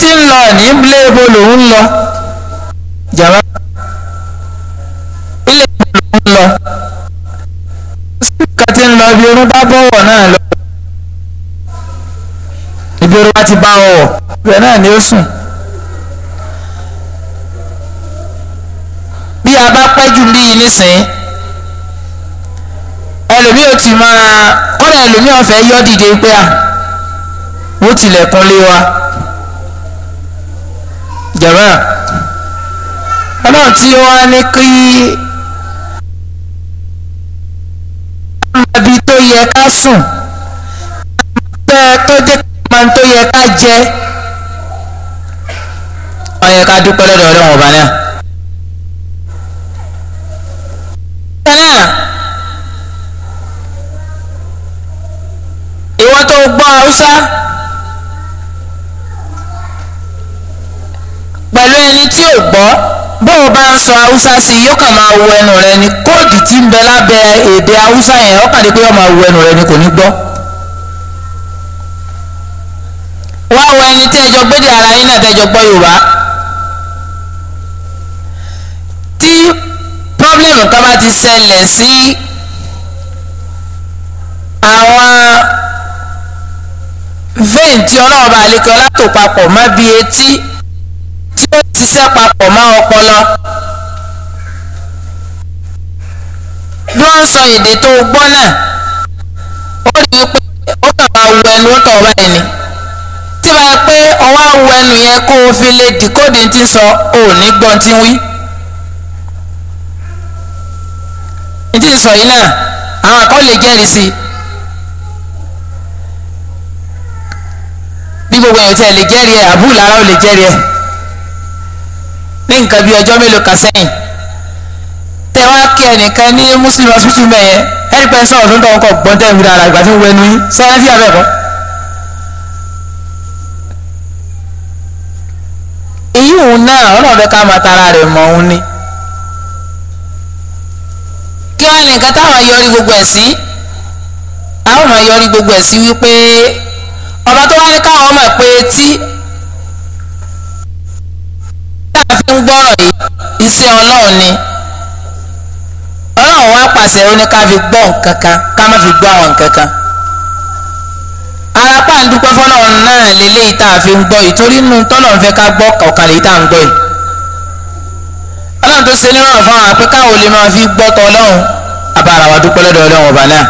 tí ń lọ ní ilé ibo lòun ń lọ jàmá ilé ibo lòun ń lọ síkà tí ń lọ ibi orun bá bọ̀wọ̀ náà lọ ibi orun bá ti bá ọwọ̀ ibẹ̀ náà ni ó sùn bí a bá pẹ́ jù bí nísìnyí ẹlòmíì ò ti máa kọ́ra ẹlòmíì ọ̀fẹ́ yọ́ dìde pé à wọ́n tilẹ̀kùn lé wa jama ọlọ́run tí wọ́n á ní kí ibi tó yẹ ká sùn tẹ́ tó jẹ́ kan tó yẹ ká jẹ ó yẹ ká dúpẹ́ lọ́dọ̀ ọlọ́run ọba náà. ìwọ́n tó gbọ́ haúsá. tí ò gbọ́ bó o bá ń sọ haúsá sí i yóò kàn máa wo ẹnu rẹ ni kóòdù tí ń bẹ lábẹ́ èdè haúsá yẹn ó pàdé pé ó máa wo ẹnu rẹ ni kò ní gbọ́. wá wo ẹni tí ẹjọ gbédè ara yín náà tẹjọ gbọ́ Yorùbá tí pọ́blẹ́mù kan bá ti ṣẹlẹ̀ sí àwọn vein tí ọlọ́ọ̀bá àlekọ́lá tó papọ̀ má bí etí ṣiṣẹ́ papọ̀ mọ́ ọpọlọ. bí wọ́n sọ èdè tó gbọ́ náà ó rí i pé ó kàn máa wu ẹnu tọ̀ báyìí ni tí wàá pé ọwọ́ awu ẹnu yẹn kó o fi lè dìkóde tí ń sọ ò ní gbọ́n tí ń wí. ní tí ń sọ yìí náà àwọn kan lè jẹ́rìí sí i. bí gbogbo èèyàn tí ẹ lè jẹ́rìí ẹ àbúrò lára lè jẹ́rìí ẹ ní nǹkan bíi ọjọ́ mélòó kan sẹ́yìn tẹ wá kí ẹnìkan ní muslim hospital mẹ́yẹ ẹ̀rí pẹ́ sọ̀rọ̀ tó ń tọ́ ọkọ̀ gbọ́n tẹ̀ ń wíra ara ìgbà tí ń wẹnu yín sẹ́yìn sí abẹ́ẹ̀kọ́. èyí òun náà ọlọ́run fẹ́ ká máa tara rẹ̀ mọ̀ òun ni kí wọ́n ní táwọn yọrí gbogbo ẹ̀ sí àwọn máa yọrí gbogbo ẹ̀ sí wípé ọba tó wá ní káwọn mọ̀ pé tí fi ń gbọ́rọ̀ yìí iṣẹ́ ọlọ́run ni ọlọ́run wá pàṣẹ ó ní ká fi gbọ́ nǹkan kan ká má fi gbọ́ àwọn nǹkan kan arapa ń dúpẹ́ fọlọ́run náà lélẹ́yìí tá a fi ń gbọ́ yìí torí inú tọ́lọ́run fẹ́ ká gbọ́ ọ̀kan lèyí tá a ń gbọ́ yìí ọlọ́run tó ṣe nírọ̀rùn fún àwọn apẹ́ká ò lè máa fi gbọ́ tọ́ ọlọ́run abara wa dúpẹ́ lọ́dọ̀ ọlọ́run ọba náà.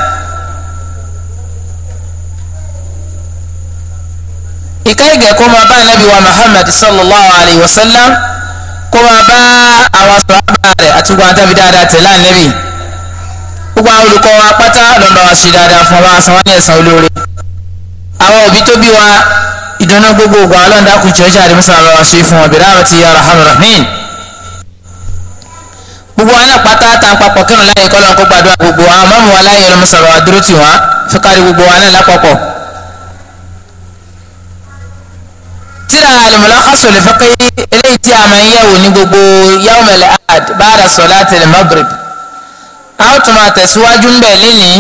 ìkẹ́ ìgẹ̀kọ́ máa bá ànábì wa Muhammad sallallahu alayhi wa sallam kó máa bá àwọn sọ̀rọ̀ rẹ̀ àti gbogbo àtàbí dáadáa tẹ̀lé ànẹ́bì gbogbo àwọn olùkọ́ wa pátá lọ́nà wa ṣe dáadáa fún wa sanwó ní ẹ̀sán olóore àwọn òbí tó wa ìdùnnú gbogbo ògbà ọlọ́ọ̀dà kù jọ jáde mọ́sán àwọn wa ṣe fún wọn bẹ̀rẹ̀ àwọn ti yà rahman rahman gbogbo àwọn àpáta tàn papọ̀ kírun láyé kọ́ lọ́n kó gbàdúrà gbogbo àwọn mọ́mú wa láyé ọlọ́mọsán àwọn adúró tì wọ́n fẹ́ lára al-mulakhasu al-fiqhi eléyìí tí a máa ń yẹ̀wò ní gbogbo yawm al-ahad ba'da salati al-maghrib a ó tún máa tẹ̀síwájú ń bẹ̀ lẹ́nìí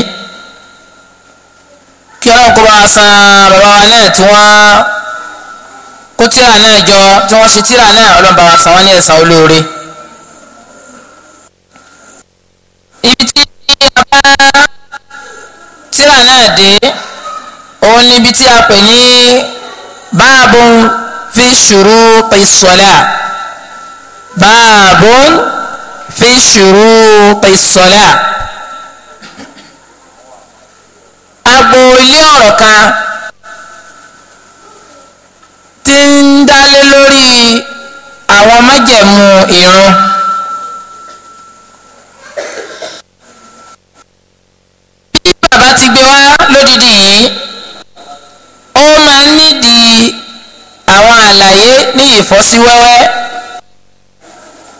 kí ọlọ́run kó bá wa san bàbá wa náà tí wọ́n kó tíra náà jọ tí wọ́n ṣe tíra náà ọlọ́run wa san wọ́n ní ẹ̀san olóore. ibi tí a tíra náà dé òun ni ibi tí a pè ní báàbò في شروط الصلاة باب في شروط الصلاة agbo ilé ọ̀rọ̀ kan tí ń dálé lórí àwọn májẹ̀mú ìrun. bí bàbá ti gbé wá lódìdí yìí ìfọ́síwẹ́wẹ́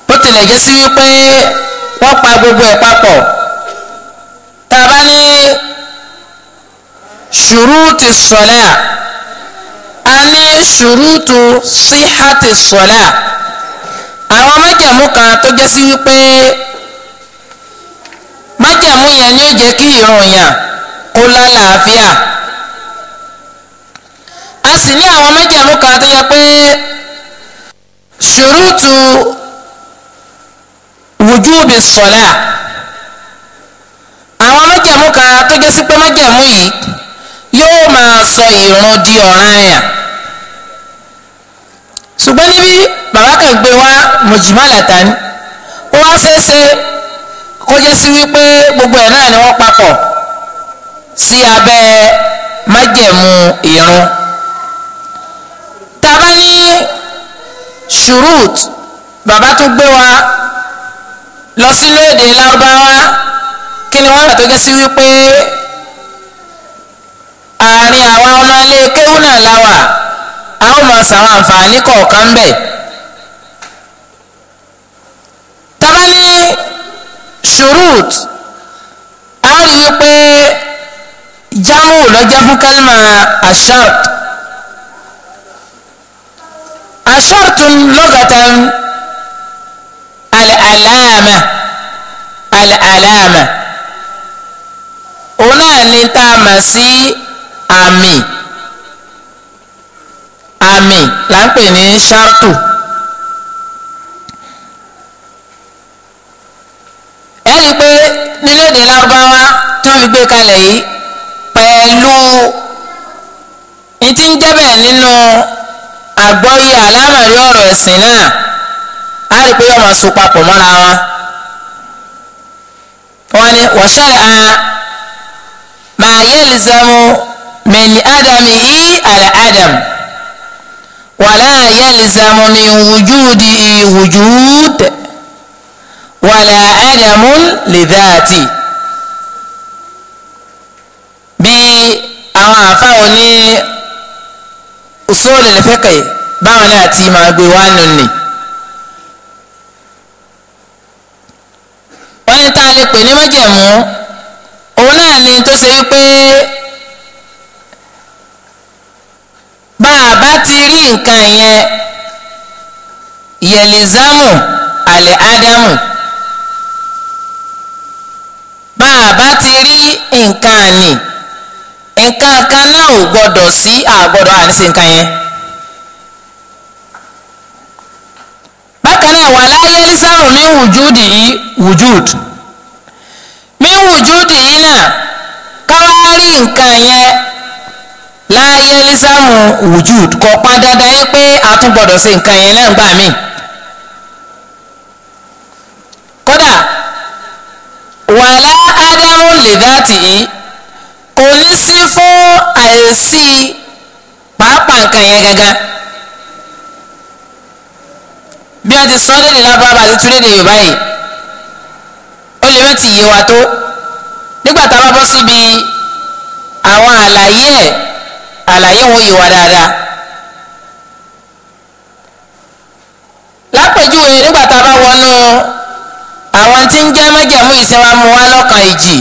bó tilẹ̀ jẹ́ sí wípé wọ́n pa gbogbo ẹ̀ papọ̀ tá a bá ní ṣùrùtù sọ̀lá a ní ṣùrùtù síhàtì sọ̀lá àwọn májàmú kan tó jẹ́ sí wípé májàmú yẹn ni ó jẹ́ kí ìrun yàn kó lálàáfíà a sì ní àwọn májàmú kan tó yẹ pé ṣùrùtù wùjúbi sọ̀lá àwọn májẹ̀mú kan tó jẹ́ sí pé májẹ̀mú yìí yóò máa sọ ìrun di ọ̀ranyàn ṣùgbọ́n níbí bàbá kan gbé wá mọ̀jìmálàtà ni ó wá fẹ́ ṣe kó jẹ́ sí wípé gbogbo ẹ̀ náà ni wọ́n papọ̀ sí abẹ́ májẹ̀mú ìrun tàbá ní shurut bàbá tún gbé wa lọ sílé èdè lárúbáwá kí ni wọ́n rà tó gẹ́ sí wípé àárín àwọn ọmọ ilé kéwú náà láwà a ó máa sàwọn àǹfààní kọ̀ọ̀kan bẹ̀. tábà ní shurut a rí wípé jámù lọ́jọ́ fún kálímà ashart. أشرت لغة العلامة العلامة هنا ni tá أمي أمي sí àmì àmì là ń pè ní ṣáàtù ẹ rí i pé nínú lárúbáwá tó fi gbé kalẹ̀ yìí pẹ̀lú ní nínú àgbọ́yé àlámọ̀rí ọ̀rọ̀ ẹ̀sìn náà á rí i pé yọ̀mọ̀ so papọ̀ mọ́ra wọn. wọ́n ní wọ́ṣẹ́ à máa yẹ lìzẹ́mu mẹ́ni ádámì yìí àlẹ́ ádámù wàlá yẹ lìzẹ́mu mi wùjúdi ìwùjúdẹ wàlá ádámù lìdáàtì. bí àwọn àfáwọn ní usulul fiqh báwọn náà ti máa gbé wá nù ní. wọ́n ní tá a lè pè ní májẹ̀mú òun náà ni tó ṣe wípé bá ti rí nǹkan yẹn yẹlẹzamu alẹ ádámù bá ti rí nǹkan ni. nǹkan kan náà ò gbọdọ̀ sí àgbọdọ̀ àníṣe nǹkan yẹn. bákan náà wà láyé lísàrù ní wùjúdì yìí wùjúd mí wùjúdì yìí náà káwá rí nǹkan yẹn láyé wùjúd kò pa dandan yẹn pé a sí nǹkan yẹn náà gbà míì. kódà ádámù sísí fún àìsí pàápàá nǹkan yẹn gangan bí wọ́n ti sọ léde lábábá àti túlédè yorùbá yìí ó lè mẹ́tì yé wa tó nígbà tá a bá bọ́ síbi àwọn àlàyé ẹ̀ àlàyé òun yé wa dáadáa. lápèjúwe nígbà tá a bá wọnú àwọn tí ń jẹ́ májẹ̀mú ìsinmi wa mú wa lọ́kàn ìjì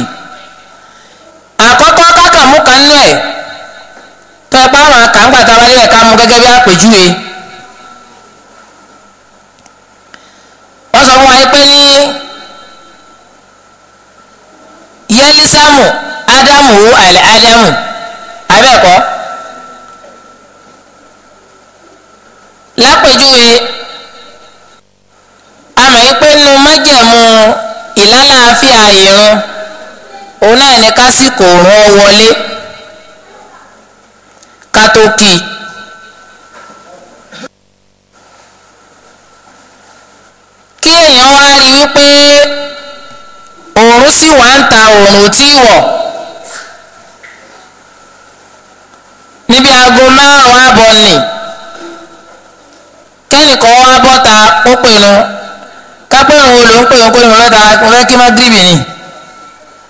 àkọ́kọ́ kọ́dà mú kan nú ẹ̀ tọ́ ẹ pa àwọn kàńgbà tá a bá rí ẹ̀ka mú gẹ́gẹ́ bí àpèjúwe. wọ́n sọ fún wa pé ní yẹlisamu ádámù àlẹ́ ádámù abẹ́ẹ̀kọ́ lápèjúwe àmọ́ ẹ pé nu májẹ̀mú ìlànà àfíà ìrún òun náà ní kásìkò òun ọ wọlé ká tó kì í. kí èèyàn wá rí wípé òòrùn sì wá ń ta òòrùn tí ì wọ̀ níbi aago márùn-ún àbọ̀ nì kẹ́nìkan wá bọ́ta ó pè nu ká pé òun ò lò fẹ́ kí má gírìbì ni.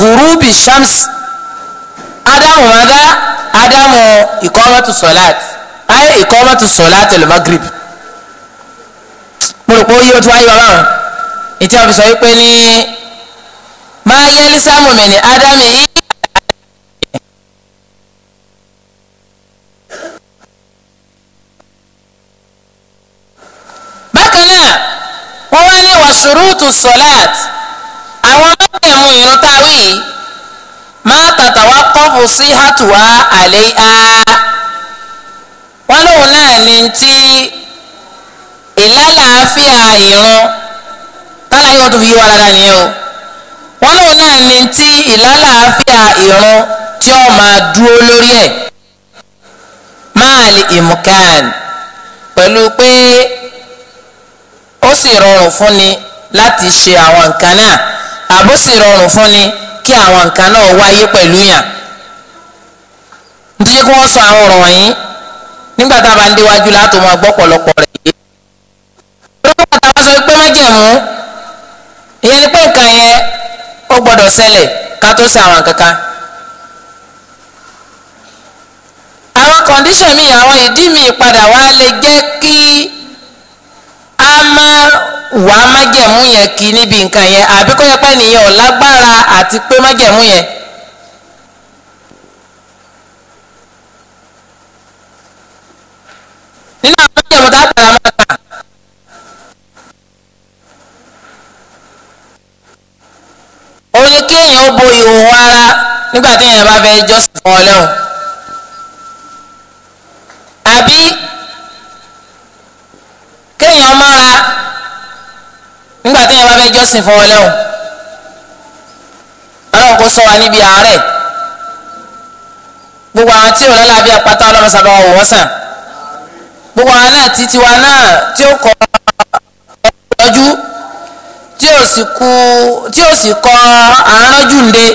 gurubi shams adamu mada adamu ikomatu solat ayi ikomatu solat el magrib mo rò pé ó yí o tí wáyé wa báwọn ìtí wọn fi sọ wípé ní máa yẹ lísàmù mi ní ádámù yìí. bákan náà wọ́n wá ní wàsúrúùtù solat àwọn mẹ́tẹ̀ẹ̀mú ìrún tá a wí yìí máa tàtà wá kọ́fù sí hàtùwá àlẹ́ á wọ́n lóun náà ní ti ìlàlàáfíà ìrún tálàyé wọn tó fi yí wa dáadáa nìyẹn o wọ́n lóun náà ní ti ìlàlàáfíà ìrún tí ó máa dúró lórí ẹ̀ máa lè pẹ̀lú pé ó sì rọrùn fún ni láti ṣe àwọn nǹkan náà àbó sì rọrùn fún ni kí àwọn nǹkan náà wáyé pẹ̀lú yàn nítorí kí wọ́n sọ àwọn ọ̀rọ̀ wọ̀nyí nígbà tá a bá ń déwájú máa gbọ́ pọ̀lọpọ̀ rẹ̀ yé lórí bàtà wọ́n sọ pé ìyẹn ni pé nǹkan yẹn ó gbọ́dọ̀ ká tó àwọn kankan àwọn kọ̀ǹdíṣàn A ma wa á mu yẹn ki níbi nǹkan yẹn àbí kó yẹ pé nìyẹn ò lágbára àti pé májẹ̀mú yẹn. nínú àwọn tá a tẹ̀lé máa kà. ó ní kéèyàn bo ìhòòhò ara nígbà téèyàn bá fẹ́ jọ́sìn fẹ́ jọ́sìn fún wọn lẹ́hùn ọlọ́run kò sọ wa níbi àárẹ̀ gbogbo àwọn tí òun lọ́la bí apáta ọlọ́run sábà wò wọ́n sàn gbogbo àwọn náà ti tiwa náà tí ó kọ́ ọ̀rọ̀jú tí ó sì kú tí ńde.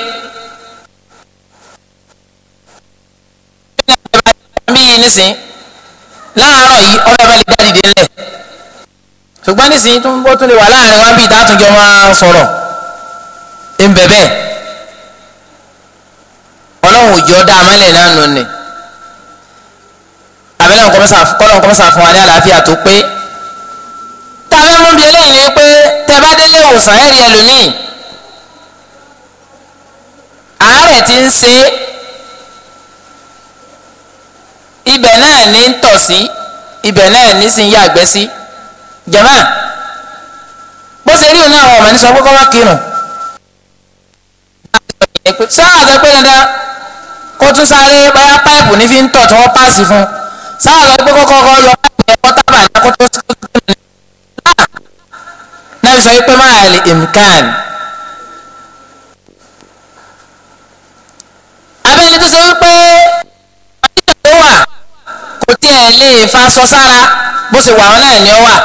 láàárọ̀ yìí ọlọ́run bá lè dá dìde ńlẹ̀ ṣùgbọ́n nísìnyí tó ń bọ́ tó lè wà láàrin wa bí ìdátúnjọ máa sọ̀rọ̀ ń bẹ̀ bẹ́ẹ̀ ọlọ́run òjò dá amálẹ̀ náà nù ni àbẹ́lẹ̀ kọ́lọ́n kọ́mọ́sà fún wa ní àlàáfíà tó pé tàbí mú bi eléyìí ni pé tẹ́bá délé ìwòsàn ẹ̀rí ẹlòmíì àárẹ̀ ti ń ṣe ibẹ̀ náà ní ń tọ̀ sí ibẹ̀ náà ní sì ń yàgbẹ́ sí. Si jama bó ṣe rí iná àwọn ọmọ ní sọ pé kọ́ má kírun sáà àti pé dandan kó tún sáré báyà páìpù ní fi ń tọ̀ tí wọ́n páàsì fún sáà lọ pé kọ́kọ́ kọ́ lọ páìpù ẹ̀kọ́ tábà ní kó tó sí kó tó ní náà sọ pé má àlè imkan. abẹ́ni tó ṣe wípé àti ìṣòro wà kò tiẹ̀ lè fa sọ sára bó ṣe wà wọn náà ni ó wà.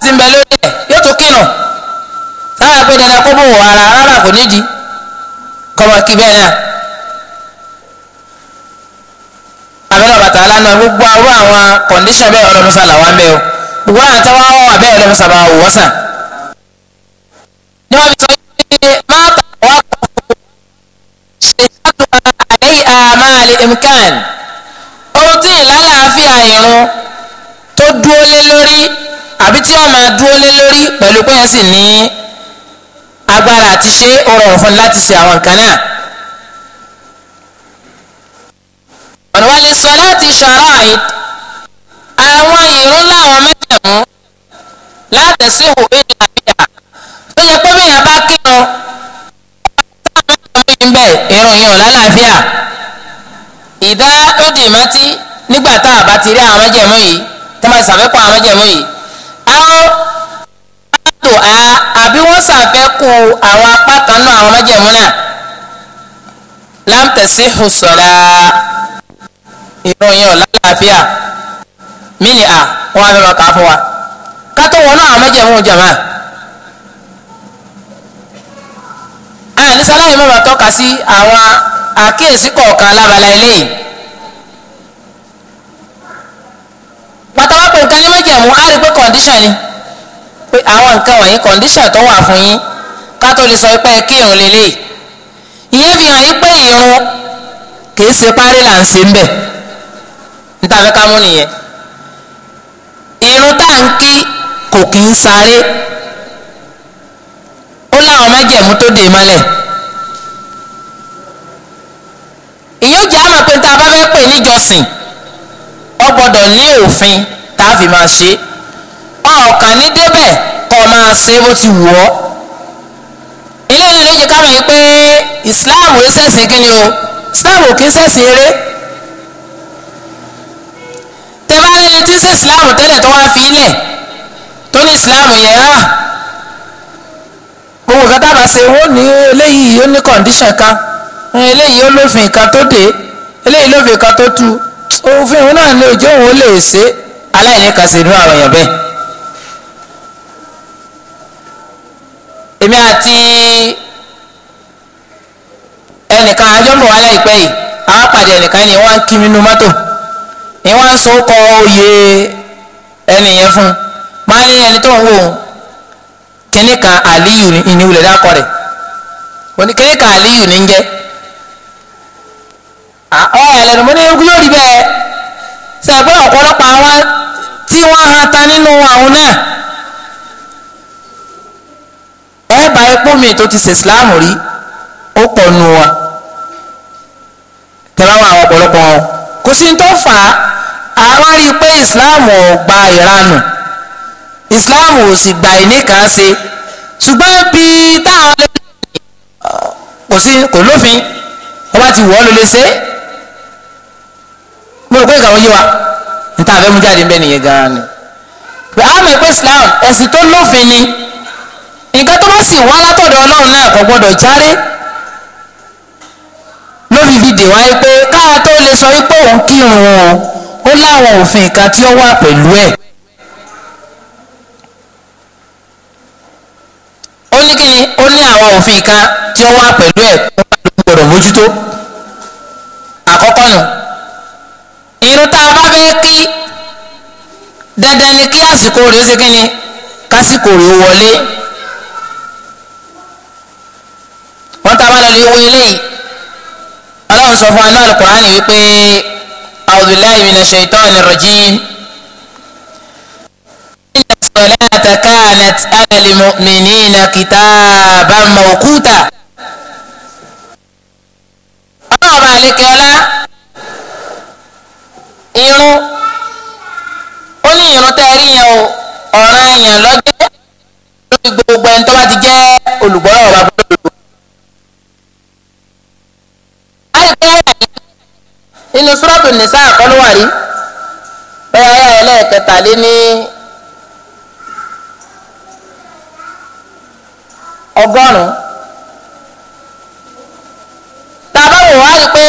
ti ń bẹ lórí ẹ̀ yóò tún kírun sábà pé dandan kó bòwò ara rárá kò nídìí kọ́mọ kí bẹ́ẹ̀ náà. àbẹ̀rẹ̀ bàtà lánàá gbogbo àwọn àwọn kọ̀ǹdíṣàn bẹ́ẹ̀ ọlọ́musa làwọn bẹ́ẹ̀ o gbogbo àwọn àtàwọn àwọn wà bẹ́ẹ̀ ọlọ́musa bá wò wọ́n sàn. ní wọ́n fi sọ pé má tàwa kọ̀ ṣe àtúnwá àlẹ́ àmàlẹ́ imkan ohun tí ìlànà àfi àyẹ̀rún tó dúró lé lórí àbí tí wọ́n máa dúró lé lórí pẹ̀lú pé wọ́n sì ní agbára àti ṣe ó rọrùn fún láti ṣe àwọn nǹkan náà. ọ̀nà wa lè sọ láti ṣọ̀rọ̀ àìd àwọn ìrún láwọn mẹ́jẹ̀mú látẹ̀sí òwe ní àbíyá tó yẹ pé bẹ́ẹ̀ bá kírun táwọn mẹ́jẹ̀mú yìí ò lálàáfíà ìdá ó dì mọ́tí nígbà tá a bá ti rí àwọn mẹ́jẹ̀mú yìí tó máa ṣàfẹ́kọ̀ọ́ àwọn mẹ́jẹ̀mú yìí tó a àbí wọ́n ṣàfẹ́kù àwọn apá kan náà àwọn májẹ̀mú náà láǹtẹ̀sí hùsọ̀lá ìròyìn ọ̀làlàáfíà mini a wọn á mẹ́wàá kàá fún wa kátó wọn náà àwọn májẹ̀mú jàmá àyànnísàlàyé mẹ́wàá tọ́ka sí àwọn àkíyèsí kọ̀ọ̀kan lábala eléyìí. pátáwá pé nǹkan ní májẹ̀mú á rí i pé condition ni pé àwọn nǹkan wọ̀nyí condition tó wà fún yín ká tó lè sọ pé kí irun lélẹ̀ ìyẹn fi hàn yín pé irun kìí ṣe parí là ń ṣe ń bẹ̀ níta fẹ́ ká mú nìyẹn irun tá à ń kí kò kí ń sáré ó láwọn májẹ̀mú tó dè mọ́lẹ̀ ìyóò jẹ́ àmọ̀ pé tá bá fẹ́ pè níjọsìn ọ gbọ́dọ̀ ní òfin tá a fi máa ṣe ọ̀kan ní débẹ̀ kọ́ máa ṣe bó ti wù ọ́ ilé náà ló jẹ ká mọ̀ pé Islam ò ṣẹ̀sìn kí ni o Islam ò kí ń ṣẹ̀sìn eré tẹ́bárẹ́ni tí ń ṣe Islam tẹ́lẹ̀ tó wá fi ilẹ̀ tó ní Islam yẹn hàn ah, gbogbo nǹkan tá a bá ṣe wọ́n ní eléyìí ó ní kọ̀ǹdíṣàn kan eléyìí ó lófin kan tó dé eléyìí lófin kan tó tú òfin òun náà lè jẹ́ òun lè ṣe aláìní kan inú àwọn èèyàn bẹ́ẹ̀. èmi àti ẹnìkan àjọpọ̀ wa láìpẹ́ yìí àwọn ẹnìkan ni wọ́n ń kí mi nu mọ́tò ni wọ́n ń so kọ oyè ẹnì yẹn fún un máa ní ẹni tó ń wò ó kíní àlíyù ìníwulẹ̀ dákọ̀ rẹ̀ ọ̀rọ̀ ah, oh, ẹ̀lẹ́nu mo ní ewu yóò rí bẹ́ẹ̀ sẹ́gbẹ́ ọ̀pọ̀lọpọ̀ àwọn tí wọ́n han ta nínú àwọn náà ẹ bá epo mi tó ti ṣe Islam rí ó pọ̀ nù wọn tẹ́lá wọn àwọn ọ̀pọ̀lọpọ̀ wọn kò sí tó fà á àwọn rí i pé Islam ò gba ìranù Islam ò sì gba ìníkan ṣe ṣùgbọ́n bíi táwọn lè kò sí kò lófin wọ́n bá ti wọ́ ló lè ṣe mo rò pé yé wa níta àfẹ́ mu jáde ń bẹ́ nìyẹn gan-an ni pé àwọn ọmọ ẹgbẹ́ Islam ẹ̀sìn tó lófin ni nǹkan tó bá sì wá látọ̀dọ̀ Ọlọ́run náà kò gbọdọ̀ járe lórí fìdè wáyé pé káà tó lè sọ wípé òun kírun o ó láwọn òfin kan tí ó wà pẹ̀lú ẹ̀. ó ní kíni ó ní àwọn òfin kan tí ó wà pẹ̀lú ẹ̀ kó má mójútó. dandan ni kí àsìkò rẹ̀ ó ṣe kínni kásìkò rẹ̀ ó wọlé wọn tá a bá lọ lè wo eléyìí aláwọn sọ fún aná alukur'an wípé awudulilayi mina shaitan ni rajim inna salata kanat ala limu'minina kitaban mawquta ọlọ́ọ̀bà àlekè ọlá irun. irun tẹ́ ẹ rí yẹn o ọ̀ràn yẹn lọ́jọ́ lórí gbogbo ẹni tó bá ti jẹ́ olùgbọ́rọ̀ ọ̀rọ̀ abúlé gbogbo. inú nìsá àkọlùwárí bẹ́ẹ̀ ẹlẹ́ẹ̀kẹta lé ní ọgọ́rùn-ún. tàbáwò wá rí i pé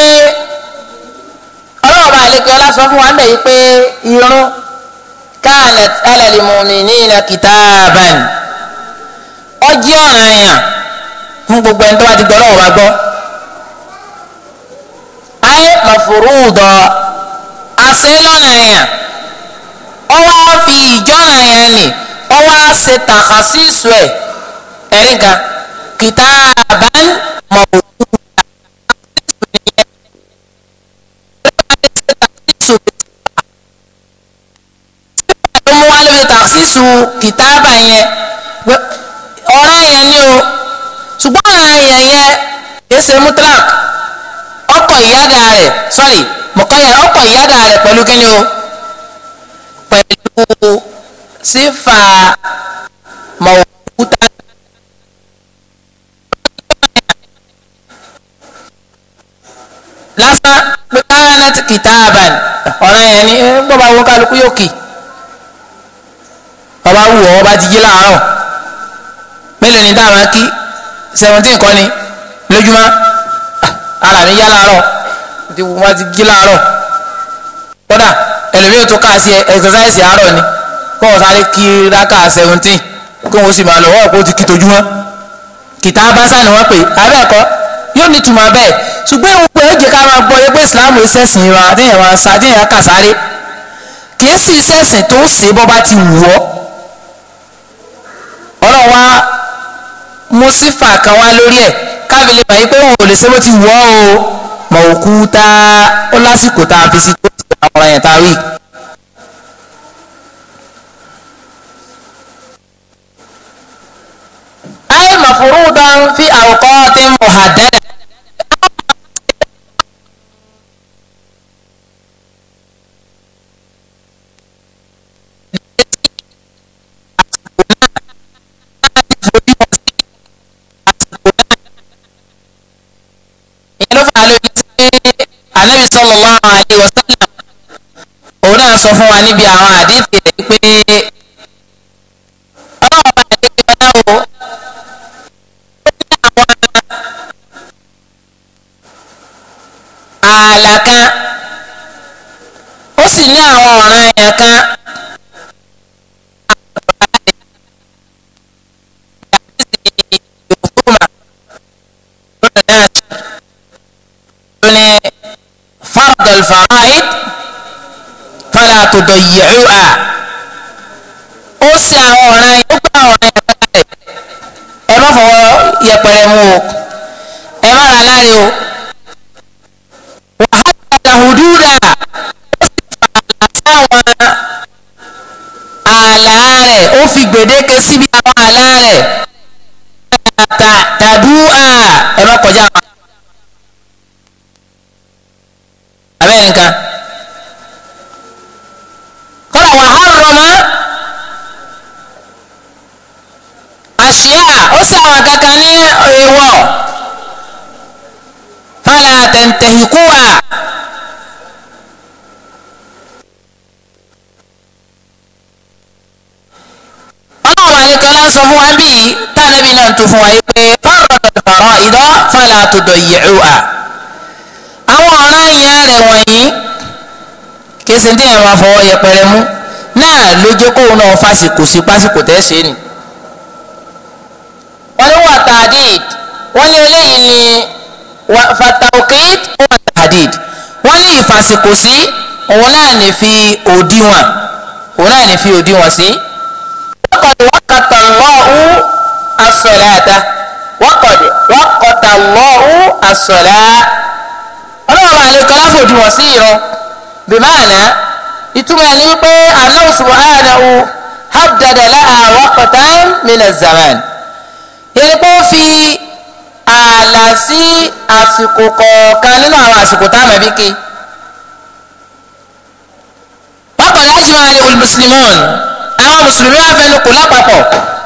ọlá sọ kanat alali mu'minina kitaban ọjọ́ ọ̀ràn yàn fún gbogbo ẹni tó bá ti gbọ́ lọ́wọ́ bá gbọ́ ayé mafurudọ aselọ́nà yàn ọwọ́ fi ìjọ́ràn yàn ni ọwọ́ ṣe tàkàsísù ẹ̀ ẹ̀ríkà kìtàbán mọ̀wòlúwà sùn kìtàbà yẹn ọ̀ràn yẹn ni o ṣùgbọ́n ọ̀ràn yẹn yẹn èsè mutlak ọkọ̀ ìyáda rẹ̀ sorry mọ̀kànyà ọkọ̀ ìyáda rẹ̀ pẹ̀lú kíni o pẹ̀lú sífà mọ̀wúta. lásán pé káyọ̀ náà ti kìtàbà ọ̀ràn yẹn ni gbọ́dọ̀ àwọn kálukú yóò kì í ọba wù ọ ọba ti jí láàárọ̀ mélòó ni táwọn kí seventeen kọ́ ni lójúmọ́ ara mi yá láàárọ̀ ti wù wọ́n ti jí láàárọ̀ kódà ẹlòmíràn tó ká sí ẹ̀sẹ̀sáìsì àárọ̀ ni kó wọ́n sáré kí rákà seventeen kó wọ́n sì máa lọ wọ́n kó ti kí tojúmọ́ kìtà abáṣá ni wọ́n pè abẹ́ẹ̀kọ́ yóò ní tùmọ̀ bẹ́ẹ̀ ṣùgbọ́n ìwọ pé ó jẹ́ ká máa gbọ́ yẹ pé ìsìláàmù ìṣẹ̀sìn wa àdéhùn àṣà àdéhùn àkàṣáré kì í sì ìṣẹ̀sìn tó ń ṣe bọ́ bá ti wù ọ́ ọlọ́run wá kan wá lórí ẹ̀ káfí lè báyìí pé òun ò lè ṣe bó ti wọ́ o mọ̀ọ́kú tá ó lásìkò tá a fi sí tó ti àwọn ọ̀ràn yẹn tá a wí. ayé màfúrú dán fi àwòkọ́ ti ń mọ̀ hàdẹ́rẹ̀. sallallahu alaihi wasallam òun náà sọ fún wa níbi àwọn àdìsí rẹ̀ pé ọlọ́run bá àdìsí wọn náà wò ó ní àwọn ààlà kan ó sì ní àwọn ọ̀ràn ẹ̀yàn kan. alfaraid fala tudayyi'uha ó sì àwọn ọ̀ràn yìí ó gbà ọ̀ràn yìí kalẹ̀ ẹ má fọwọ́ yẹpẹrẹ mú o ẹ má rà láre o wàhálà làhùdúdà ó sì fa àlà sáwọn àlà rẹ̀ ó fi gbèdéke síbi àwọn àlà rẹ̀ tàdúà ẹ má kọjá àwọn. wọ̀ fala tantahikuha. ọlọ́wọ́ àlekọ́lá sọ fún wa bíi tánàbí náà tún fún wa yìí pé fọ́ọ̀rọ̀ tọ̀rọ̀ ìdọ́ fala tudayyi'uha. àwọn ọ̀ràn ìyá rẹ̀ wọ̀nyí kí ẹsẹ̀ ní ẹ̀rọ àfọwọ́ yẹpẹrẹ mú náà ló jẹ́ náà fásikò sí pásíkò tẹ́sẹ̀ ni. wọ́n ní wà tàdíd wọ́n ní eléyìí ni fatawkid wa tahdid wọ́n ní ìfàsìkò sí òun náà ní fi òdiwọ̀n òun náà ní fi òdiwọ̀n sí. waqad waqata Allahu as-salata waqad waqata Allahu ọlọ́run àlekọ́ láfòdiwọ̀n sí ìran bimaana ìtumọ̀ ẹni wípé Allah subhanahu haddada laha waqtan min zaman yẹn pé ó fi ààlà sí àsìkò kọ̀ọ̀kan nínú àwọn àsìkò tá a mọ̀ bí ké pápá lájú àlè olùmùsùlùmọ́ọ̀n àwọn mùsùlùmí wà fẹ́nu kù lápapọ̀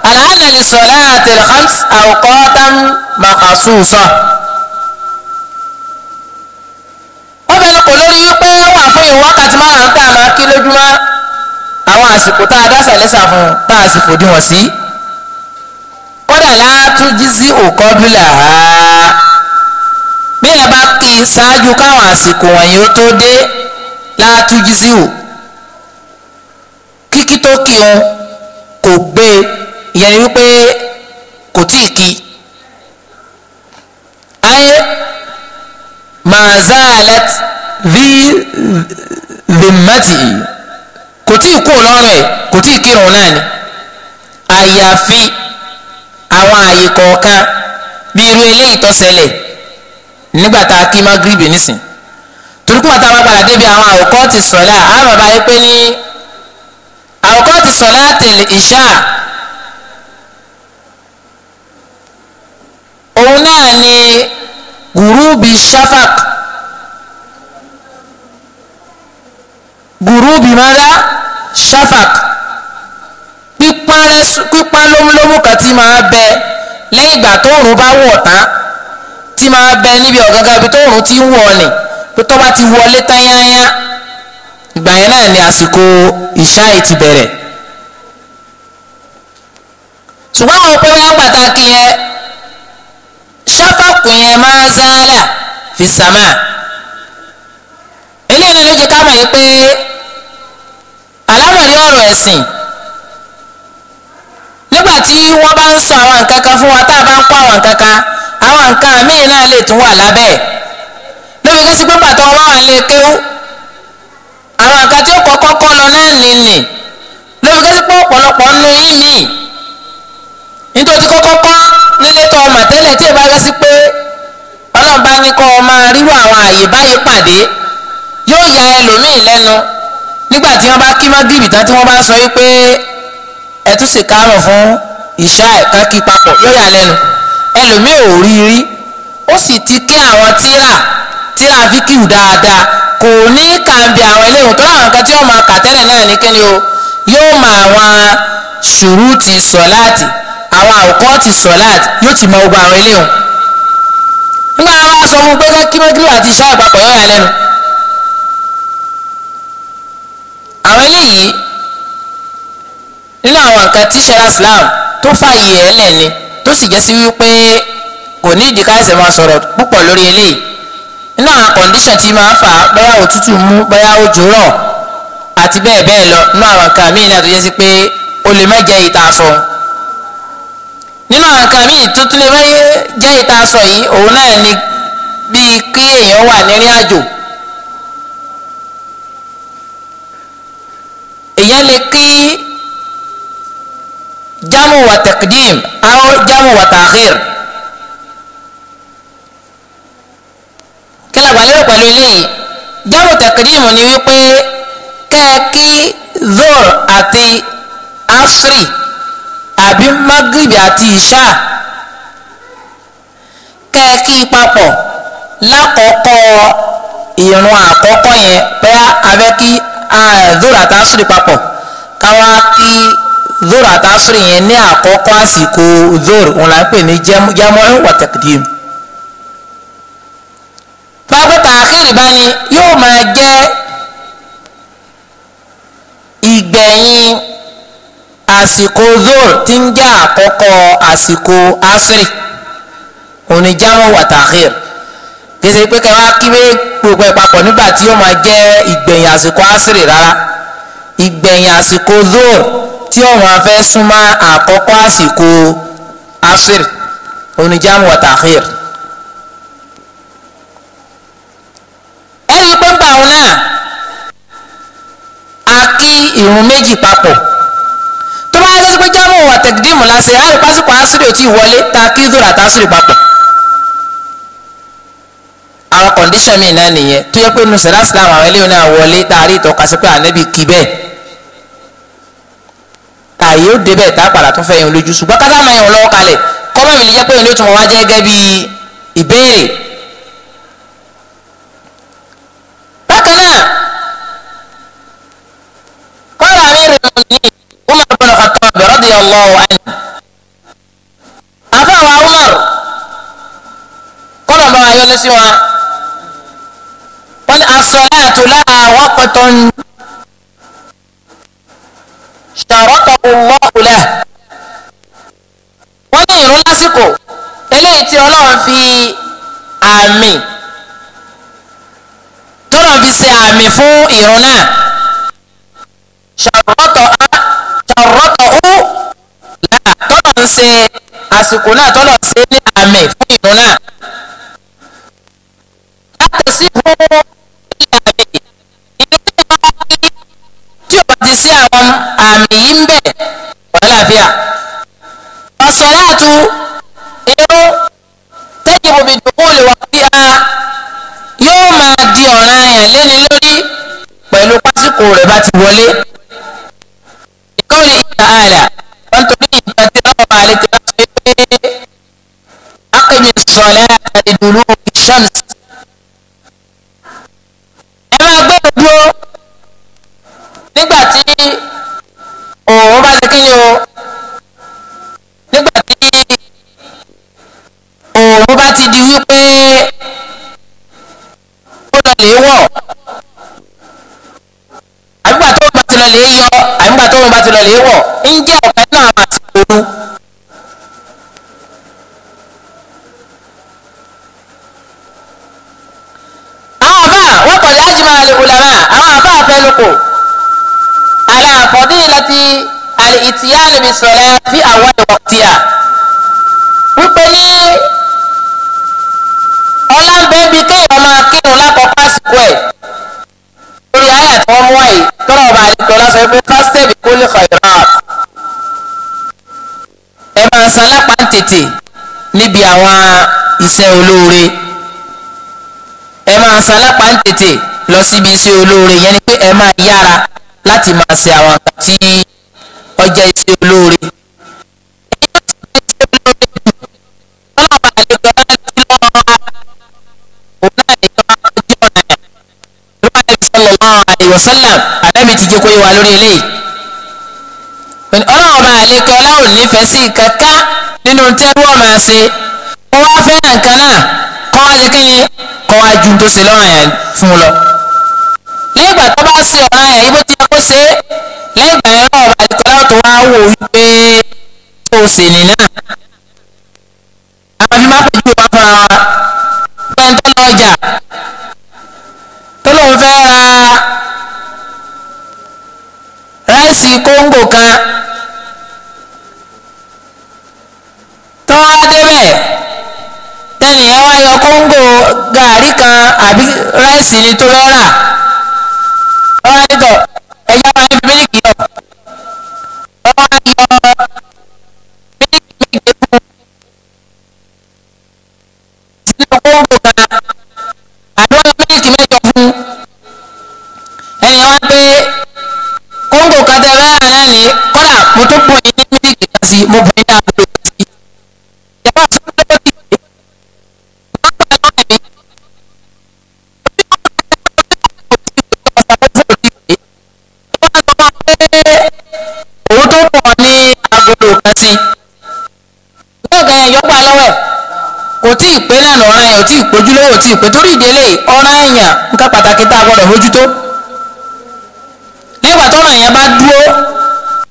àlàánà lè sọ láàtẹ̀ hams àwòkọ́tàn màkàsùsọ. wọ́n fẹ́nu kù lórí wípé wà fún ìwọ wákàtí márùn-ún tá a máa kí lójúmọ́ àwọn àsìkò tá a dá sàlẹ́sà fún tá a sì fòdì wọ̀n sí. Si látújísí òkọ́bílà ha bẹ́ẹ̀ bá kí i ṣáájú káwọn àsìkò wọ̀nyí ó tó dé látújísí ò kíkí tó kí òun kò gbé ìyẹn ni wípé kò tí ì kí ayé mazalet vi vimati kò tí ì kú lọ́rùn ẹ̀ kò tí ì kírun náà ni àyàfi àwọn ààyè kọ̀ọ̀kan bí irú eléyìí tó ṣẹlẹ̀ nígbà tá a kí magribi nísìn turukuma tá a bá padà débi àwọn àwòkọ́ ti sọ̀lá a bàbá yẹ pé ní àwòkọ́ ti sọ̀lá tẹ̀lé ìṣá òun náà ni gurubi shafak gurubi mara shafak pípa lómúlómú kan tí máa bẹ lẹ́yìn ìgbà tóòrùn bá wọ̀ tán tí máa bẹ níbi ọ̀gángan ibi tóòrùn ti ń wọ̀ ni pé tó bá ti wọlé tán yányá ìgbà yẹn náà ni àsìkò ìṣáì ti bẹ̀rẹ̀ ṣùgbọ́n àwọn ọ̀pọ̀ yẹn pàtàkì yẹn ṣáfàkù yẹn máa zálà fi sàmà eléyìí náà ló jẹ ká mọ̀ yìí pé alámọ̀rí ọ̀rọ̀ ẹ̀sìn. nígbà tí wọ́n bá ń sọ àwọn nǹkan kan fún wa tá a bá ń kó àwọn nǹkan kan àwọn nǹkan míì náà lè tún wà lábẹ́ ẹ̀ sí pé pàtó wọn wà lè kéwú àwọn nǹkan tí ó kọ́kọ́ kọ́ lọ náà nìyí lóbi ká sí pé ọ̀pọ̀lọpọ̀ nu yín míì nítorí kọ́kọ́ kọ́ nílé tó ọmọ tẹ́lẹ̀ tí pé ní kọ́ ọ máa ríru àwọn àyè báyìí pàdé yóò ya ẹlòmíì lẹ́nu nígbà tí wọ́n bá kí tán tí wọ́n bá sọ wípé ẹ tún ṣe kárọ̀ fún ìṣá ẹ̀ka kí papọ̀ yọ̀yà lẹ́nu ẹlòmíì ò rí rí ó sì ti ké àwọn tíra tíra fíkìú dáadáa kò ní kàǹbì àwọn eléyìí tó láwọn kan tí wọ́n máa kà tẹ́lẹ̀ náà ní kíni o yóò mọ àwọn ṣùrù ti sọ̀láàtì àwọn àwòkọ́ ti sọ̀láàtì yóò ti mọ gbogbo àwọn eléyìí nígbà wọn wá sọ fún pé kí mẹ́kìlú àti ìṣá ìpapọ̀ yọ̀yà lẹ́nu àwọn eléyìí nínú àwọn nǹkan tí sẹ́ra Islam tó fààyè ẹ̀ lẹ̀ ni tó sì jẹ́ sí wípé kò ní ìdí ká ẹsẹ̀ máa sọ̀rọ̀ púpọ̀ lórí eléyìí nínú àwọn kọ̀ǹdíṣàn tí máa ń fà á bóyá òtútù mú bóyá òjò rọ̀ àti bẹ́ẹ̀ bẹ́ẹ̀ lọ nínú àwọn nǹkan míì náà tó jẹ́ sí pé o lè má jẹ́ ìta aṣọ nínú àwọn nǹkan míì tó tún lè má jẹ́ ìta aṣọ yìí òun náà ni bíi kí èèyàn wà nírìn àjò èèyàn lè kí jamu wa taqdim au jamu wa ta'khir kila gbalero pẹ̀lú eléyìí jamu taqdim ni wípé kẹ́ẹ̀kí zor àti asri àbí magribi àti isha kẹ́ẹ̀kí papọ̀ lákọ̀ọ́kọ́ ìrun àkọ́kọ́ yẹn pé abẹ́ kí zor eh, àti asri papọ̀ káwá kí zoro àtàsírì yẹn ní àkọ́kọ́ àsìkò zoro òun là ń pè ní jamu'u wa taqdim fábọ́tà àkìrì bá ní yóò máa jẹ́ ìgbẹ̀yìn àsìkò zoro tí ń jẹ́ àkọ́kọ́ àsìkò àsírì òun ni jamu'u wa ta'khir kìí ṣe pé kẹ́ wá kí wéé gbogbo ẹ̀ papọ̀ nígbà tí yóò máa jẹ́ ìgbẹ̀yìn àsìkò àsírì rárá ìgbẹ̀yìn àsìkò zoro tí ọ̀run afẹ́ súnmọ́ àkọ́kọ́ àsìkò asir oníjàmù wàtàkìr. ẹ rí i pé náà a kí ìrun méjì papọ̀ tó bá yẹ pé jámù wàtẹ̀dìmù lásìrì á rí pásítọ̀ àsìrì ò tí ì wọlé ta kí dùrà tásìrì papọ̀ àwọn kọ̀ǹdíṣàn mi náà nìyẹn tó yẹ pé nusra islam àwọn eléyìí náà wọlé tá a rí ìtọ́ka sí pé ànábì kì bẹ́ẹ̀ àyè ó débẹ̀ tá a padà tún fẹ́ yẹn lójú ṣùgbọ́n ká sáà máa yẹn lọ́wọ́ kalẹ̀ kọ́mọ̀ mi lè jẹ́ pé òun ló tún mọ̀ wá jẹ́ gẹ́gẹ́ bí ìbéèrè. bákan náà kọ́lá mi rìn mọ́ ní Umar bin Khattab radiyallahu anhu. àfọwọ́ Umar kọ́lá bá wa yọ lọ sí wa wọ́n ní asọ́lá àtúlá àwọn pẹ̀tọ́ tààrọ́tà ọmọ ọ̀lẹ́ wọ́n ní ìrún lásìkò eléyìí tí ọlọ́run fi àmì tọ́lọ́run fi ṣe àmì fún ìrún náà ṣàrọ́tọ̀ á ṣàrọ́tọ̀ ó là tọ́lọ́run ṣe àsìkò náà tọ́lọ́run ṣe ní àmì fún ìrún náà. bá ti wọlé. ìkọ́wé ìta àlà wọn torí ìtàn tí lọ́wọ́ bá lè tẹ̀lé ṣe pé akẹ́yìn sọ̀lá ìdúró lọ lè yọ àyìnbá tó ń bá ti lọ lè wọ̀ ń jẹ́ ọ̀pẹ náà máa ti àwọn àbá wọn kọ̀ láti máa lè wùlà máa àwọn láti sọ̀rọ̀ fi àdìkọ́lá sọ pé kásítẹ́ẹ̀dì kó lè kàyọ̀rọ̀ ẹ máa san lápá ń tètè níbi àwọn iṣẹ́ olóore ẹ máa san lápá ń tètè lọ síbi iṣẹ́ olóore yẹn ni pé ẹ máa yára láti máa ṣe àwọn nǹkan tí ọjà iṣẹ́ olóore. sallallahu wa sallam anábì ti jẹ́ kó yé wa lórí eléyìí ọlọ́run ọba àlekọ́ ọlọ́run nífẹ̀ẹ́ sí kàkà nínú tẹ́rú ọmọ ẹ̀sìn ó wá fẹ́ràn kan náà kọ́ wá sí kíni kọ́ wá ju tó ṣe lọ́rùn yẹn fún un lọ. lẹ́gbàá tó bá ṣe ọ̀ràn yẹn ibo ti yẹ kó ṣe lẹ́gbàá yẹn ọba àlekọ́ ọlọ́run tó wá wò wípé tó ṣe nìyà. àwọn fi máa pèjú wọn fún ara wọn pẹ́ńtọ́ lọ́jà àdánwò kan tọ́wọ́ débẹ̀ tẹ́nìyàn wá yọ kóńgò gàárì kan àbí ráìsì ni tó fẹ́ rà. Moto tún bọ̀ yín ní mílíkì kan sí mo bọ̀ yín ní agolo kan sí. ìyàwó àti ọmọdé ti dé máa ń bá lọ́rẹ̀ mi. òun tó pọ̀ ní agolo kan sí. lọ́ọ̀gá yẹn yọgbà lọ́wọ́ ẹ̀ kò tí ì pé náà ọ̀ràn yẹn ò tí ì pójúlówó ò tí ì pé torí ìdílé ọ̀ràn èèyàn nǹkan pàtàkì tá a gbọ́dọ̀ mójútó. nígbà tọ́ràn yẹn bá dúró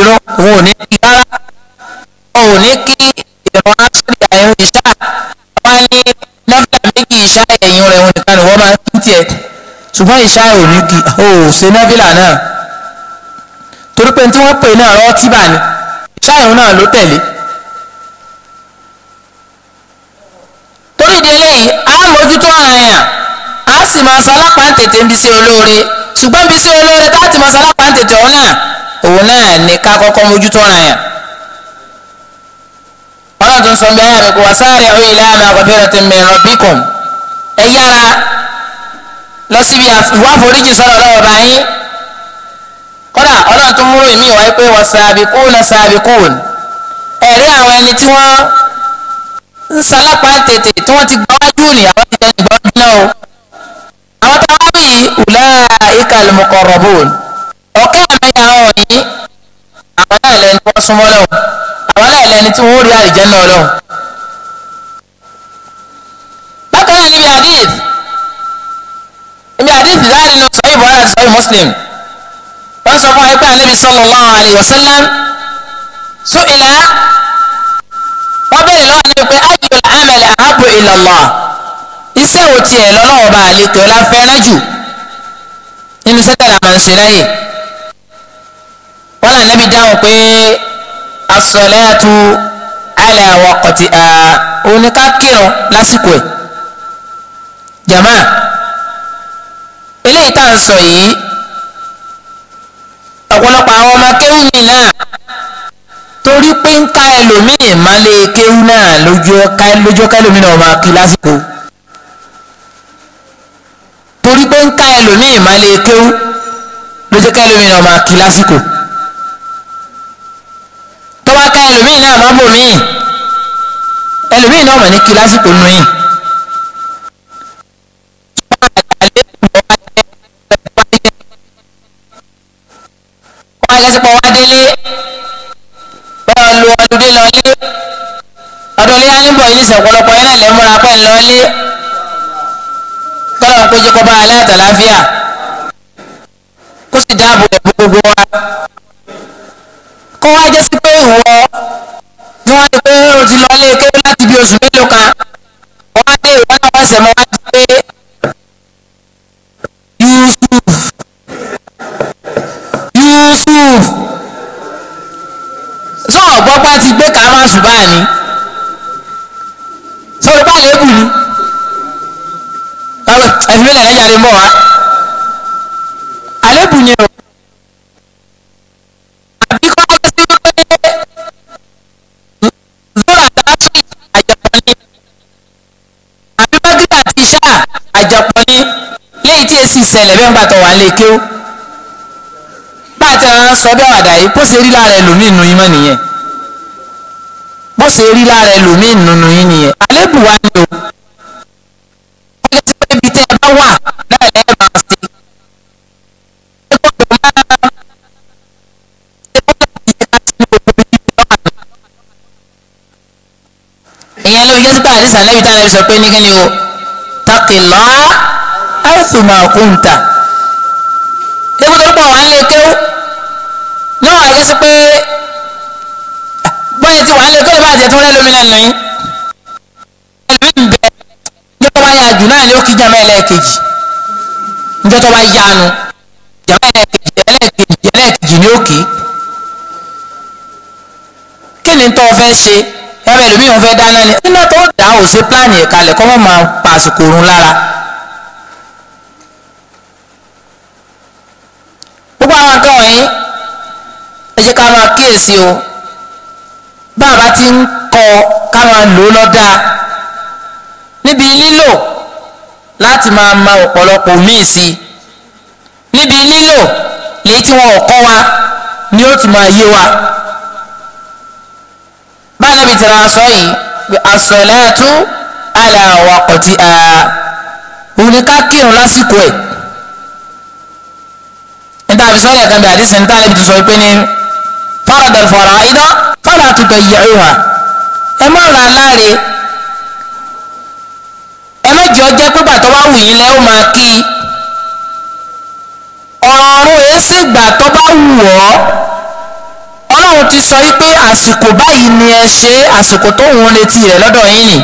irọ́ wọn ò ní kí rárá wọn ò ní kí ìrọ̀ asọ́dì àyẹ̀wò ìṣá wọn ní nọ́bìlà méjì ìṣá ẹ̀yìn rẹ̀ wọn nìkan ni wọ́n máa ń kí tiẹ̀ ṣùgbọ́n ìṣá ò ní kí o ò ṣe nọ́bìlà náà torí pé tí wọ́n pè náà rọ́ tíbà ni ìṣá ìrún náà ló tẹ̀lé. torí ìdí eléyìí a mójútó àyàn a sì máa sọ alápá ń tètè ń bí sí olóore ṣùgbọ́n bí sí olóore tá a ti máa sọ alápá ń tètè ọ̀hún náà òun náà ní ká kọ́kọ́ mójútó ọ̀ràn yẹn ọlọ́run tó ń sọ bí ayé àmì wá sáré ọ̀hún ilé àmì ẹ yára lọ síbi ìwà sọ̀rọ̀ lọ́wọ́ báyìí kódà ọlọ́run tó múrò wáyé pé wọ́n ẹ̀rí àwọn ẹni tí wọ́n ń tètè tí wọ́n ti gbọ́ wájú ni àwọn ti náà o àwọn táwọn ìlà ọ̀kan àmẹ́yìn àwọn wọ̀nyí àwọn náà lẹni tó súnmọ́ lọ́wọ́ àwọn náà lẹni tí wọ́n rí àlìjẹ́ náà lọ́wọ́. bákan náà níbi hadith níbi hadith láàrin nù sọ́yìn buhari àti sọ́yìn muslim wọ́n sọ fún ẹgbẹ́ ànábi sallallahu alaihi wasallam sún ìlà wọ́n bẹ̀rẹ̀ lọ́wọ́ ànábi pé ayyul amali ahabbu ila Allah iṣẹ́ òtí ẹ̀ lọ́lọ́wọ́ bá àlekè ọlá fẹ́ràn jù nínú sẹ́tẹ̀lá màá ń ṣe wọn là nẹ́bi dáhùn pé asọ̀lẹ́tu alẹ́ àwọn kọ̀tì à oníká kírun lásìkò ẹ̀ jama eléyìí tá à ń sọ yìí ọ̀pọ̀lọpọ̀ àwọn ọmọ kéwù mi náà torí pé ń ká ẹlòmíì má lè kéwù náà lójú ọ̀ká ẹlòmíì náà máa kí lásìkò torí pé ń ká ẹlòmíì má lè kéwù lójú ọ̀ká ẹlòmíì náà máa kí lásìkò tọ́wá ká ẹlòmíì náà má bòmíì ẹlòmíì náà mọ̀ ní kí lásìkò nù yìí. kásìpọ̀ wá délé bọ́ọ̀ lu ọdúndé lọ́lé ọdún ilé ánìbọ̀ yìí nìṣẹ̀ ọ̀pọ̀lọpọ̀ yẹn náà lẹ́múra pẹ̀ lọ́lé kọ́lọ̀ kó jẹ́ kó bá aláàtàláfíà kó sì dáàbò ẹ̀bùn gbogbo wa kó wá jẹ́ sí pé ìwọ ni wọ́n rí pé o ti lọ ilé kéwú láti bí oṣù mélòó kan wọ́n á dé ìwọ náà wọ́n ṣẹ̀ mọ́ wá di pé Yusuf Yusuf sọ ọ̀gbọ́pá ti gbé kàmáṣù báyìí ni sọ ìpàlẹ́ èkù ni ẹ̀fínlẹ̀ nàìjíríà ń bọ̀ wá. ṣẹlẹ̀ bẹ́ẹ̀ ń gbàtọ̀ wà lé kéw bá a ti rán sọ bí àwàdà yìí bó ṣe rí lára ẹlòmíì nù yín mọ́ nìyẹn bó ṣe rí lára ẹlòmíì nù yín nìyẹn àlébù wa ni o ọjọ́ tí ibi tẹ́ ẹ bá wà náà lẹ́ẹ̀ máa ṣe ẹ gbọ́dọ̀ máa ṣe gbọ́dọ̀ ti yẹ ká ti ní gbogbo ibi tí wọ́n wà. ìyẹn ló ń jẹ́ sípò àdìsàn lẹ́yìn tá a lè sọ pé ní kí ni o taqillah haythu ma kunta ewu tó ń pọ̀ wá ń lè kéwú lọ́wọ́ àyè sí pé bóyá ti wà ń lè kéwú bá àjẹtún rẹ lómi lẹ́nu yín ẹlòmíì ń bẹ ní tó bá yà jù náà ni ó kí jàmá ẹlẹ́ẹ̀kejì níjọ́ tó bá yà nu jàmá ẹlẹ́ẹ̀kejì ẹlẹ́ẹ̀kejì ẹlẹ́ẹ̀kejì ni ó kì í kí ni tó fẹ́ ṣe ẹ̀rọ ẹlòmíì wọn fẹ́ dáná ni iná tó dà ó ṣe pílánì ẹ̀ka lẹ̀kọ́ mọ́ máa pa àsìkò òrùn lára. gbogbo àwọn nǹkan wọ̀nyí ẹ jẹ́ ká máa kíyèsí o bàbá ti ń kọ ká máa lò ó lọ́dà níbi lílò láti máa ma ọ̀pọ̀lọpọ̀ míì sí i níbi lílò lèyí tí wọn ò kọ́ wa ni ó ti máa yé wa báyìí náà tẹ̀lé aṣọ yìí as-salatu ala waqtiha òun ni ká kírun lásìkò ẹ̀ tá a fi sọ́lẹ̀ kan bí àdìsí ní táwọn ibi tó sọ pé ní fọ́rọ̀dọ̀ fọ̀rọ̀ àìdá fọ́rọ̀ àtúntò yẹ̀wò wa ẹ má ra láre ẹ má jẹ́ ọjẹ́ pé gbàtọ́ bá wù yín lẹ́ ó máa kí ọ̀rọ̀ ọ̀run èé sì gbàtọ́ bá wù ọ́ ọlọ́run ti sọ yí pé àsìkò báyìí ni ẹ ṣe àsìkò tó ń retí rẹ̀ lọ́dọ̀ yín nì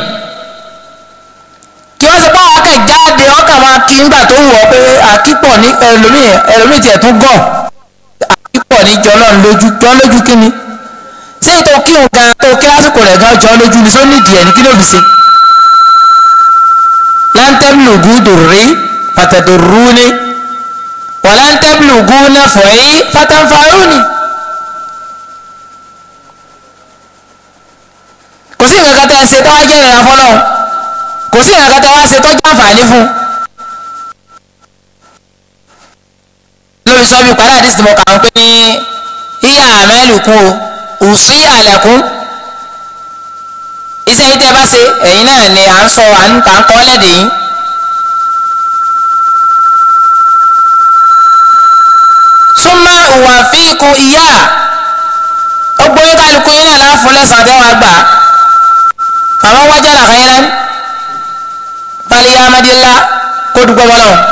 kí wọ́n sọ pé jáde ọkàn máa kí ńgbà tó wù ọ pé àkípọ̀ ní ẹlòmíì ẹlòmíì tiẹ̀ tún gọ̀ àkípọ̀ ní jọlọ́run lójú jọ́ lójú kí ni ṣé ètò kíhun gan tó kí lásìkò rẹ̀ gan jọ́ lójú ni sóní ìdí ẹ̀ ní kí ló fi ṣe. láńtẹ́bìlùgù dòrí pàtàdòrú ni wọ́n láńtẹ́bìlùgù náà fọ̀ yí ni. kò sí nǹkan tẹ́ ẹ ṣe tó wá jẹ́ ìrànfọ́ kò sí ìrìn àkàtà wá ṣe tọ́jú àǹfààní fún. lórí sọ́bí parí àdìsí mo kà ń pè ní ìyá àmẹ́lù kún o òsì àlẹ̀kùn iṣẹ́ yìí tẹ́ bá ṣe ẹ̀yin náà ni à ń sọ à ń kọ́ lẹ́dẹ̀ yìí. súnmọ́ ìwà fi kun ìyá ó gbóyún kálukú yín náà láǹfọ̀ọ́ lẹ́sàn-án tẹ́wàá gbà fàmọ́ wájà làkàyẹ́rẹ́ aliyamadila kó dúpẹ́ bọ́lọ́wọ́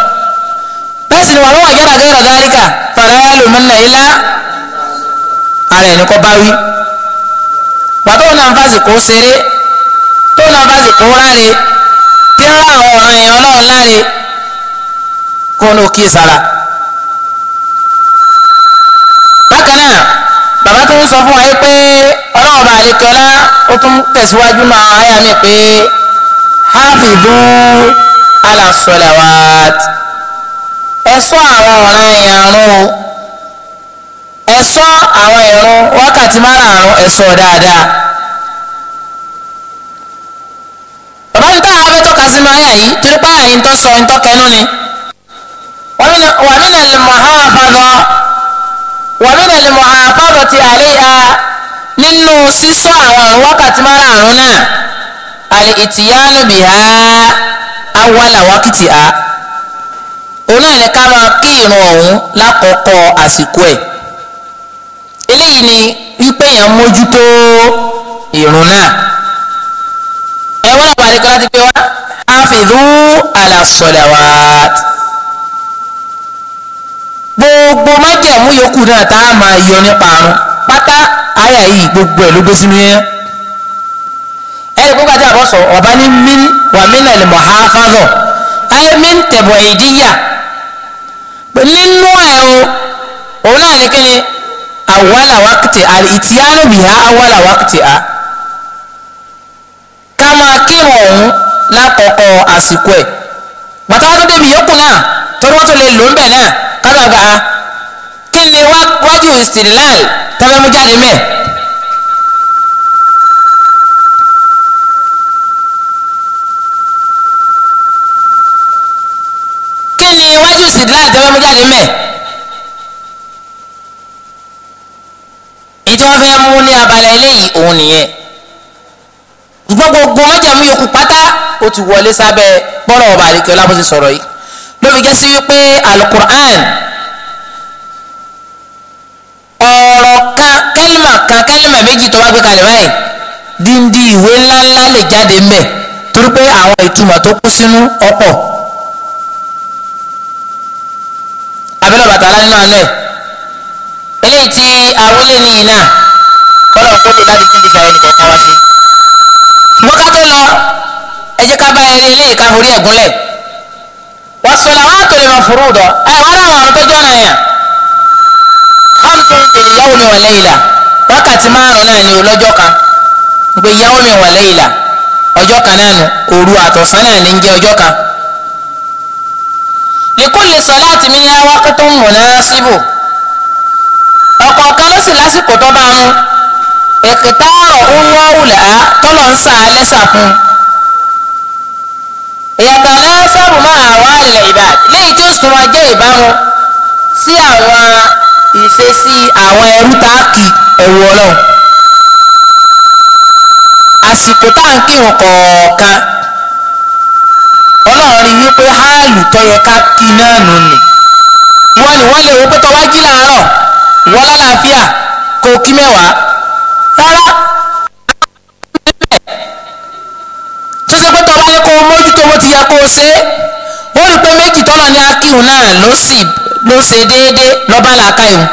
bẹ́ẹ̀ sì ni wàá lọ́wọ́ àjẹ́dà gẹ́gẹ́ dálíkà fàlàyà lòmìnira ilá ara ẹni kọ́ báwí pàtó náà ń fásitì kó seré tó náà ń fásitì kó ráre tí ń ra àwọn ọ̀ràn èèyàn náà láre kó ní òkè sára. bákan náà bàbá tó ń sọ fún wa yìí pé ọlọ́run bá àlekọ́lá ó tún tẹ̀síwájú náà àyà mi pé hafidu ala salawat ẹ̀ṣọ́ àwọn ọ̀ràn ìyàrún ẹ̀ṣọ́ àwọn ìrun wákàtí márààrún ẹ̀ṣọ́ dáadáa. bàbá mi táwọn abẹ́ tọ́ka sínú ayà yìí torí pé àyè ń tọ́ sọ ń tọ́kẹ́nu ni. wa min al-muhafaza wa min al-muhafazati alayha nínú sísọ àwọn àrùn wákàtí márààrún náà al-ityanu biha awala wakiti a òun náà ni ká máa kí irun ọ̀hún lákòókò àsìkò ẹ̀ eléyìí ni wípé èèyàn mójútó irun náà ẹ wọ́n náà parí kọ́lá ti pé wá hafidhu ala salawat gbogbo májẹ̀mú yòókù náà tá a máa yọ nípa àrùn pátá àyà yìí gbogbo ẹ̀ ló gbé sínú yẹn ẹ̀rọ kó gbàdúrà bọ́ sọ ọba ní min wà mí nàlẹ́ mọ̀ ha fáfọ̀ ayé mi ń tẹ̀bọ̀ ìdíyà nínú ẹ̀ o òun náà ní kíni awala wákìtì a ìtìyánu bìhá awala wákìtì a ká máa kírun ọ̀hún lákọ̀ọ́kọ́ àsìkò ẹ̀ bàtà wọn tó débi yókù náà torí wọn tó lè lò ń bẹ̀ náà ká bàbá kí ni wájú ìsìnláì tẹ́fẹ́ mú jáde mẹ́ẹ̀. náà tẹ́ bá mú jáde mẹ́ èyí tí wọ́n fẹ́ mú ní abala eléyìí òun nìyẹn ṣùgbọ́n gbogbo májàmú yòókù pátá ó ti wọlé sábẹ́ bọ́rọ̀ ọba àlekè ọlábọ̀sí sọ̀rọ̀ yìí ló fi jẹ́ sí wípé alukur'an ọ̀rọ̀ kan kẹ́lìmà kan kẹ́lìmà méjì tó bá gbé kalẹ̀ báyìí díndín ìwé ńláńlá lè jáde mẹ́ torí pé àwọn ìtumọ̀ tó kú sínú ọ̀pọ̀. ta'ala nínú àánú ẹ̀ eléyìí tí awúlé ní iná kọ́lọ̀ kó lò láti tún ti fi àwọn ènìyàn ká wá sí. ṣùgbọ́n ká tó lọ ẹ jẹ́ ká bá eré eléyìí ká forí ẹ̀gúnlẹ̀ wọ́n sọ làwọn àtòlè máa fòrò dọ̀ ẹ wọ́n náà wọ́n tó jọ́nà yẹn hamsun tèlè yawmi wa layla wákàtí márùn náà ni olọ́jọ́ kan gbé yawmi wa layla ọjọ́ kan náà nu òru àtọ̀sán náà ni ń jẹ́ ọjọ́ kan lèkólè sọláàtì mi ní awákó tó ń múná síbò ọ̀kọ̀ọ̀kan ló sì lásìkò tó bá mú èkìtà ọ̀rọ̀ ń wọ́ wùlà á tọ́lọ̀ ń sà á lẹ́sà fún un ìyàtọ̀ náà sábà léyìí tí ó sì máa jẹ́ ìbámu àwọn ìṣesí àwọn ẹrú tá kì ẹ̀wù ọlọ́run àsìkò tá à ń kírun kọ̀ọ̀kan ọlọ́run rí wípé háàlù tó yẹ ká kí náà nù nì wọ́n ní wọ́n lè wo pé tọ́wá jí làárọ̀ wọ́n lálàáfíà kò kí mẹ́wàá rárá tó ṣe pé tọ́wá yẹ kó o mójútó bó ti yẹ kó o ṣe é ó rí pé méjì tọ́lọ̀ ní akíhùn náà ló sì ló ṣe déédéé lọ́ba làákà ìhùn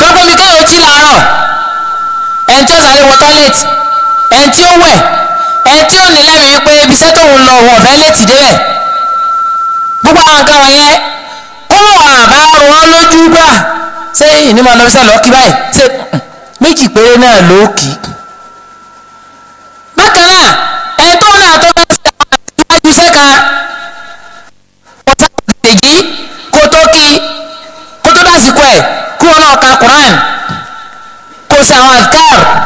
tọ́gbọ́n mi kéèyàn jí làárọ̀ ẹ̀ ń tí ó sáré wọ tọ́lẹ̀tì ẹ̀ ń tí ó wẹ̀ ẹni tí ò ní lẹ́mìí wípé ibi iṣẹ́ tóun lọ òun ọ̀fẹ́ létí débẹ̀ gbogbo àwọn nǹkan wọ̀nyẹn kó wọn àbá rọ wọn lójú gbà ṣé ìní máa lọ iṣẹ́ lọ kí báyìí ṣe hm, méjì péré náà ló kì í. bákan náà ẹni náà tó bá ṣe àwọn àtìwájú iṣẹ́ kan kò sáà kó tó kí kó tó dásìkò ẹ̀ kí wọn náà ka Quran kó ṣe àwọn àtìkáàrù.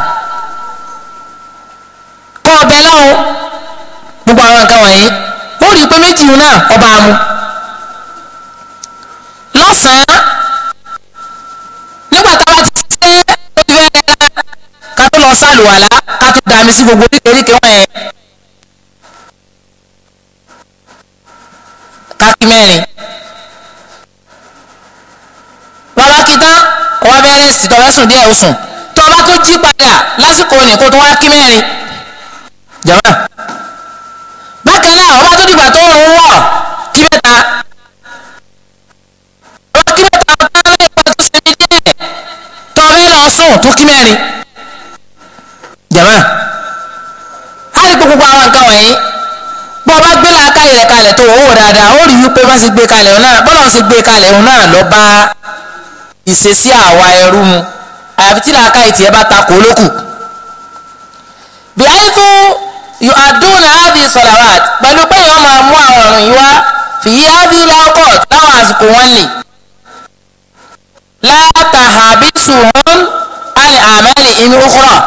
eléyìí náà ọba mu lọ́sàn-án nígbà táwa ti ṣe oṣù fẹ́ ká tó lọ sàlùwàlá ká tó dàmí sí gbogbo oríkèéríkèé wọn yẹn kákí mẹ́rin bàbá kìtá ọwọ́ abẹ́rẹ́ sì tọ́wọ́ sùn díẹ̀ oṣù tọ́ba tó jí padà lásìkò ní kó tó wá kí mẹ́rin jàmá ọba tó dìgbà tó ń wọ̀ kí mẹ́ta ọba kí mẹ́ta ọba lẹ́yìn tó ṣe ní díẹ̀ torí lọ sùn tó kí mẹ́rin jàmá a lè gbogbo àwọn nǹkan wọ̀nyí bọ́ ọba gbé làákàyè rẹ̀ kalẹ̀ tó wọ́wọ́ dáadáa ó rí wípé bá ṣe gbé kalẹ̀ òun náà bọ́lá ṣe gbé kalẹ̀ òun náà lọ bá ìṣesí àwa ẹrú mu àyàfi tí làákàyè tiẹ̀ bá ta kó lókù. hadi salawat pẹ̀lú pé yóò máa mú àwọn ọ̀rùn yìí wá fìyí hadi laukot láwọn àsìkò wọn lè látàhábísù hún àlè àmàlì ìmú ukúrọ̀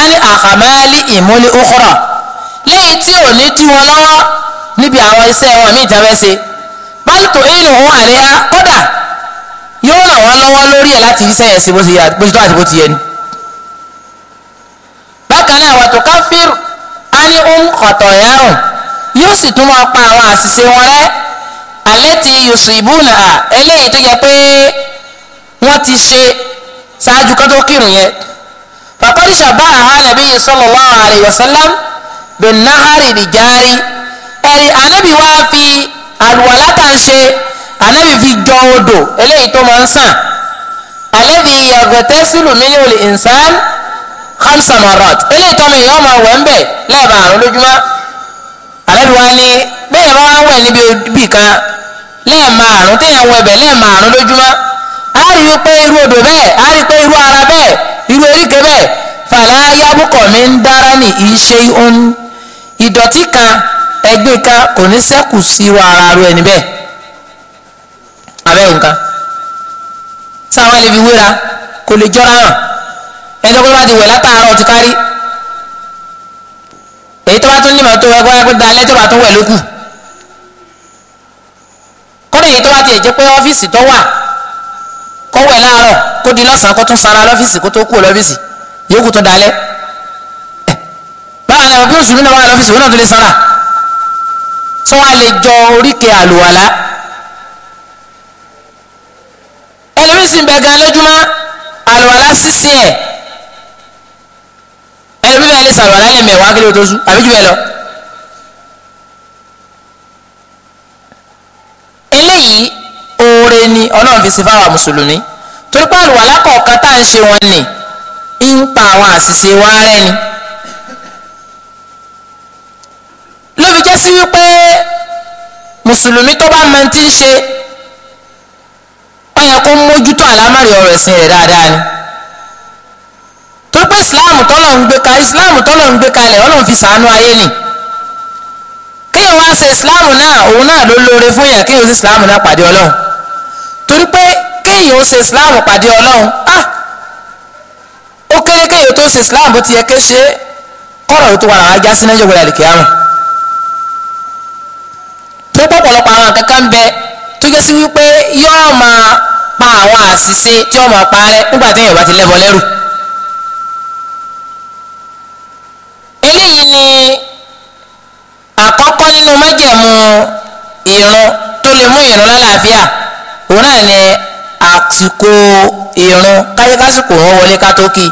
àlè àkàmàlì ìmúlẹ̀ ukúrọ̀ léyìí tí ò ní dí wọn lọ́wọ́ níbi àwọn iṣẹ́ wọn míì tẹ́fẹ́ ṣe báyìí tó ìlú àríyá kódà yóò ràn wọ́n lọ́wọ́ lórí ẹ̀ láti iṣẹ́ ẹ̀ sí bó ṣe tó àti bó ti yẹ ni. bákan náà wàtò káfíìrù ani um khatayahum yóò sì tún máa pa àwọn àṣìṣe wọn rẹ́ allati yusibunaha eléyìí tó yẹ pé wọ́n ti ṣe ṣáájú kótó kírun yẹn faqad shabaha nabiyyu sallallahu alayhi wa sallam bin nahari rijari ẹ̀rí anabi wá fi àlùwàlá tá ń ṣe anabi fi jọ odò eléyìí tó máa ń sàn alladhi yaghtasilu minhu al-insan hamsa marat eléyìí tọ́mọ èèyàn máa wẹ̀ ń bẹ̀ lẹ́ẹ̀bà àrùn lójúmọ́ àlẹ́bí wa ni bẹ́ẹ̀ bá wá wẹ̀ níbi ibì kan lẹ́ẹ̀ma àrùn téèyàn wẹ̀ bẹ̀ lẹ́ẹ̀ma àrùn lójúmọ́ a rí i pé irú odò bẹ́ẹ̀ a rí i pé irú ara bẹ́ẹ̀ irú oríkè bẹ́ẹ̀ fàlà yábùkọ̀ mi ń dára ní ìṣe ohun ìdọ̀tí kan ẹgbẹ́ kan kò ní sẹ́kù sí irú ara rẹ níbẹ̀ abẹ́ nǹkan sáwọn ẹlẹ́bi wéra kò lè jọra hàn ẹni tó bá ti wẹ̀ látàárọ̀ ti kárí èyí tó bá tún nímọ̀ tó ẹgbẹ́ ẹgbẹ́ dalẹ́ tó bá tún wẹ̀ lókù kọ́nà èyí tó bá tiẹ̀ jẹ́ pé ọ́fíìsì tó wà kó wẹ̀ láàárọ̀ kó di lọ́sàn-án kó tún sara lọ́fíìsì kó tó kú lọ́fíìsì yókù tó dalẹ́ báwa ni ọ̀gbìn òṣùmí náà wà lọ́fíìsì wọn náà tó lè sara tó wà lè jọ oríkè àlùwàlá ẹlòmísìn bẹ̀ gan lójúmọ́ àlùwàlá sísìn ẹ̀ ẹlòmí bẹ́ẹ̀ sàrọ̀ alẹ́ mẹ́wàá kí ló tó sùn àbí jù bẹ́ẹ̀ lọ. eléyìí oore ni ọlọ́run fi sí fáwọn mùsùlùmí torí pé àlùwàlá tá à ń ṣe wọn nì ń pa àwọn àṣìṣe wa rẹ́ni. ló fi jẹ́ sí wípé mùsùlùmí tó bá mọ ti ń ṣe ó kó mójútó àlámọ̀rí ọ̀rọ̀ ẹ̀sìn rẹ̀ dáadáa ni torí pé islam tọ́lọ̀ ń gbé ka islam tọ́lọ̀ ń gbé kalẹ̀ ọlọ́run fi sàánú ayé ni kéèyàn wá ṣe islam náà òun náà ló lóore fún yàn kéèyàn ṣe islam náà pàdé ọlọ́run torí pé kéèyàn ṣe islam pàdé ọlọ́run ah ó kéré kéèyàn tó ṣe islam bó ti yẹ ké ṣe kọ́rọ̀ tó wà láwọn ajá sí náà yóò kíyámà tó pọ̀pọ̀lọpọ̀ àwọn kankan ń bẹ tó jẹ́ sí wípé yóò máa pa àwọn àṣìṣe tí yóò máa parẹ́ nígbà tí èèyàn ní àkọ́kọ́ nínú májẹ̀mú ìrun tó lè mú ìrun lálàáfíà òun náà ni àsìkò ìrun káyékásìkò òun wọlé ká tó kí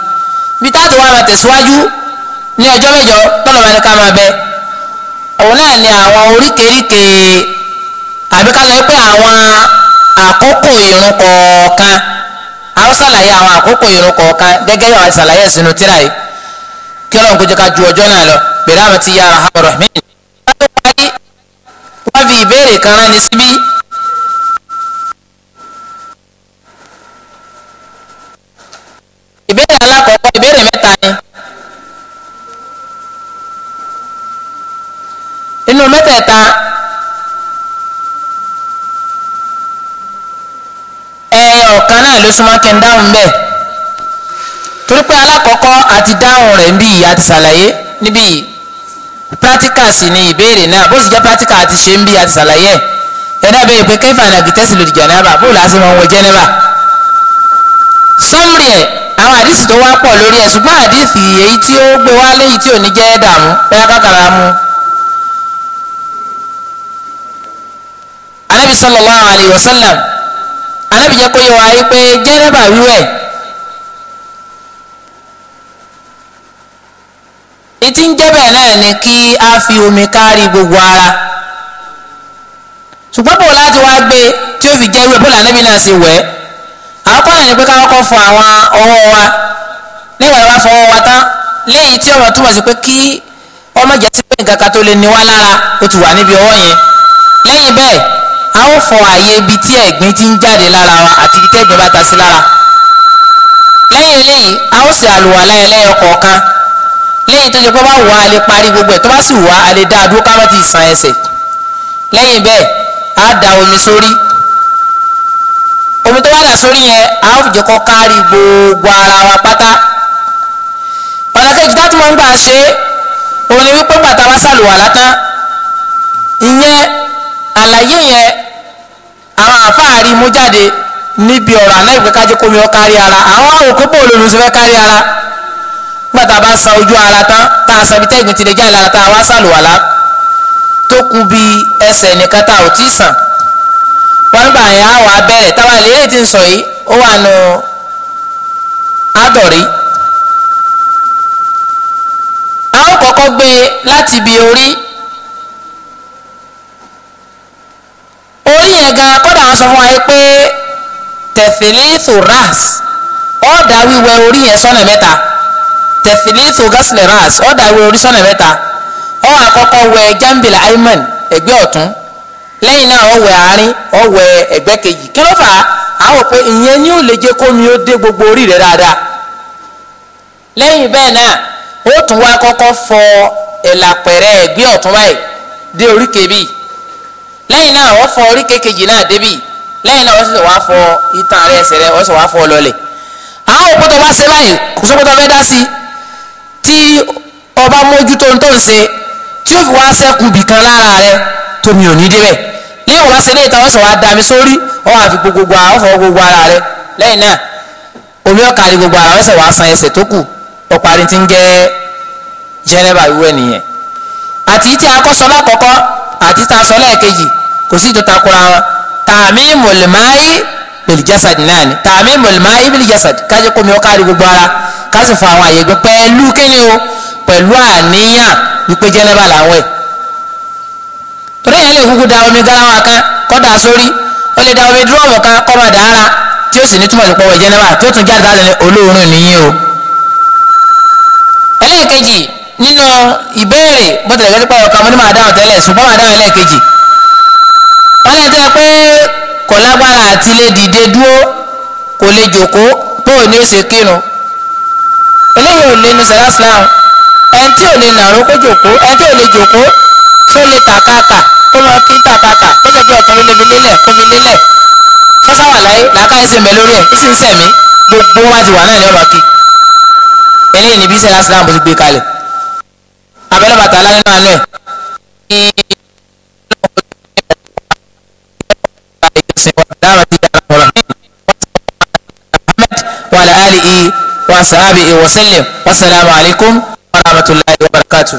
bí táàtò wa máa tẹ̀síwájú ní ọjọ́ mẹ́jọ tọ́lọ̀ máa ní ká máa bẹ òun náà ni àwọn oríkèéríkèé àbíkálẹ̀ pé àwọn àkókò ìrun kọ̀ọ̀kan àwọn sàlàyé àwọn àkókò ìrun kọ̀ọ̀kan gẹ́gẹ́ bí àwọn sàlàyé sínú tírà yìí kí ọlọ́run kó jẹ́ ká ju ọjọ́ náà lọ biramati ya rahman rahman ká tó parí wá fi ìbéèrè kan rán ni síbí. ìbéèrè alákọ̀ọ́kọ́ ìbéèrè mẹ́ta ni. inú mẹ́tẹ̀ẹ̀ta ẹ̀yẹ ọ̀kan náà ló súnmọ́ kí n dáhùn bẹ́ẹ̀ torí pé alákọ̀ọ́kọ́ àti dáhùn rẹ̀ ń bí yìí àti ṣàlàyé níbí yìí practical sì ni ìbéèrè náà bó sì jẹ́ practical àti ṣe ń bí àti ṣàlàyé ẹ̀ náà béèrè pé kẹfà náà kì tẹ́sí lòdì jẹ̀nẹ́bà bó làá sì máa ń wọ jẹ́nẹ́bà. sọ́mùrì ẹ̀ àwọn àdìsí tó wá pọ̀ lórí ẹ̀ ṣùgbọ́n àdìsí èyí tí ó gbé wá léyìí tí ò ní jẹ́ dààmú bóyá kákàrà mu. anábì sallallahu alayhi wa sallam anábì jẹ́ kó yẹ wá yí pé jẹ́nẹ́bà wíwẹ̀ ìtí ń jẹ́ bẹ́ẹ̀ náà ni kí a fi omi kárí gbogbo ara ṣùgbọ́n bò láti wá gbé tí ó fi jẹ́ wíwẹ̀ bóòlù ànábì náà ṣe wẹ̀ àwọn kọ́nà ni pé káwọn kọ́ fọ àwọn ọwọ́ wa nígbà tí wọ́n fọ ọwọ́ wa tán léyìí tí ọmọ túmọ̀ sí pé kí ọmọ jẹ́ sí pé nǹkan kan tó lè ní wá lára ó ti wà níbi ọwọ́ yẹn lẹ́yìn bẹ́ẹ̀ a ó fọ àyè ibi tí ẹ̀gbin ti ń jáde lára wa àti ibi tẹ́gbin bá ta sí lára lẹ́yìn eléyìí a ó ṣe àlùwàlá ẹlẹ́yọ kọ̀ọ̀kan lẹ́yìn tó jẹ́ pé bá wà á lè parí gbogbo ẹ̀ tó bá sì wà á lè dá a dúró ká má ti sàn ẹsẹ̀ lẹ́yìn bẹ́ẹ̀ á da omi sórí omi tó wà dà sórí yẹn á jẹ́ kó kárí gbogbo ara wa pátá ọ̀nà kejì tá a ti máa ń gbà ṣe òun ni wípé bàtà wa sàlùwàlá tán ìyẹn àlàyé yẹn àwọn àfáàrí mú jáde níbi ọ̀rọ̀ àná ìpè kájẹ́ kómi ọ kárí ara àwọn àwòkọ́ bò lónìí sí fẹ́ kárí ara nígbà tá a bá ń san ojú ara tán tá a san ibi tẹ́gbìn ti lè jáde lára tá a wá sàlùwàlá tó kù bí ẹsẹ̀ nìkan tá a ò tí ì sàn wọ́n gbà yẹn á wàá bẹ̀rẹ̀ táwa ìlérí ti ń sọ yìí ó wà nù ádọ̀rí a ó kọ́kọ́ gbé e láti ibi orí orí yẹn gan kọ́dà wọn sọ fún wa yìí pé tẹ̀fẹ̀lẹ́ thorax ọ̀ọ́dà wíwẹ̀ orí yẹn sọ́nà mẹ́ta. tẹ̀fìlìtù gásìlẹ̀ránṣ ó dàrú orí sọ́nà ọ ó àkọ́kọ́ wẹ jambila ayman ẹgbẹ́ ọ̀tún lẹ́yìn náà ọ wẹ àárín ọ wẹ ẹgbẹ́ kejì kí ló fà á àwọn pé ìyẹn ni ó lè jẹ́ kómi ó dé gbogbo orí rẹ̀ dáadáa lẹ́yìn bẹ́ẹ̀ náà ó tún wá kọ́kọ́ fọ ẹ̀làpẹ̀rẹ̀ ẹgbẹ́ ọ̀tún báyìí dé oríkèé bíi lẹ́yìn náà ọ fọ oríkèé kejì náà débì bíi náà wọ́n sì wá fọ ìtàn rẹ ẹsẹ̀ rẹ̀ wọ́n sì wá fọ àwọn bá ṣe báyìí fẹ́ dá sí i tí ọba mójútó ń tó ń ṣe tí ó fi wá sẹ́kù bìkan lára rẹ tómi ò ní débẹ̀ lẹ́yìn wá sílé ìta wọ́n sọ wá dami sórí wọ́n wá fi gbogbo àwọn gbogbo ara rẹ lẹ́yìn náà omi ọ̀kàlì gbogbo ara wọ́n sọ wá san ẹsẹ̀ tó kù ọ̀parí ti ń jẹ́ jẹ́nẹ́bà ìwé nìyẹn àti tí a kọ́ sọ lákọ̀ọ́kọ́ àti tí a sọ lẹ́ẹ̀kejì kò sí ìjọta wọn tààmì mọ̀lẹ́máyé bil jasad náà ni ta'mimul ma'i jasad kájí kó mi ó gbogbo ara ká sì fọ àwọn àyè gbé o pẹ̀lú àníyàn wípé jẹ́nẹ́bà làwọn ẹ̀ torí yẹn lè kúkú da omi garawa kan kọ́ da sórí ó lè da omi dúrọ́ọ̀mù kan kọ́ máa dára tí o sì ní túmọ̀ sí pọ̀wọ̀ jẹ́nẹ́bà tó tún jáde láti ní olóòórùn nìyí o ẹlẹ́ẹ̀kejì nínú ìbéèrè bó tilẹ̀ gẹ́gẹ́ pé ọkàn mo ní máa dáhùn tẹ́lẹ̀ ṣùgbọ́n máa dáhùn ẹlẹ́ẹ̀kejì wọ́n lẹ́yìn tó pé kò lágbára àti lè dìde dúró kò lè jòkó bóò ní òsè kírun eléyìí ò lè nu sẹlá sinamu ẹni tí ò lè nàró kó jòkó ẹni tí ò lè jòkó tó lè tàkàkà tó lọ kí tàkàkà tó lè bí ọ̀tún lè fi lélẹ̀ kó fi lélẹ̀ sọ́sá wà láyé làákàyè sí mẹ́ lórí ẹ̀ ní sì ń sẹ̀mí gbogbo wa ti wà náà ní ọ̀rọ̀ kí eléyìí ni bí sẹlá sinamu ti gbé kalẹ̀ abẹ́rẹ́ bàtà alánínú àná ẹ̀ ẹ̀sìn wa dárati àràkùnrin Muhammad wa ala alihi wa sahabihi wa sallam wa rahmatulahi wa barakatuh.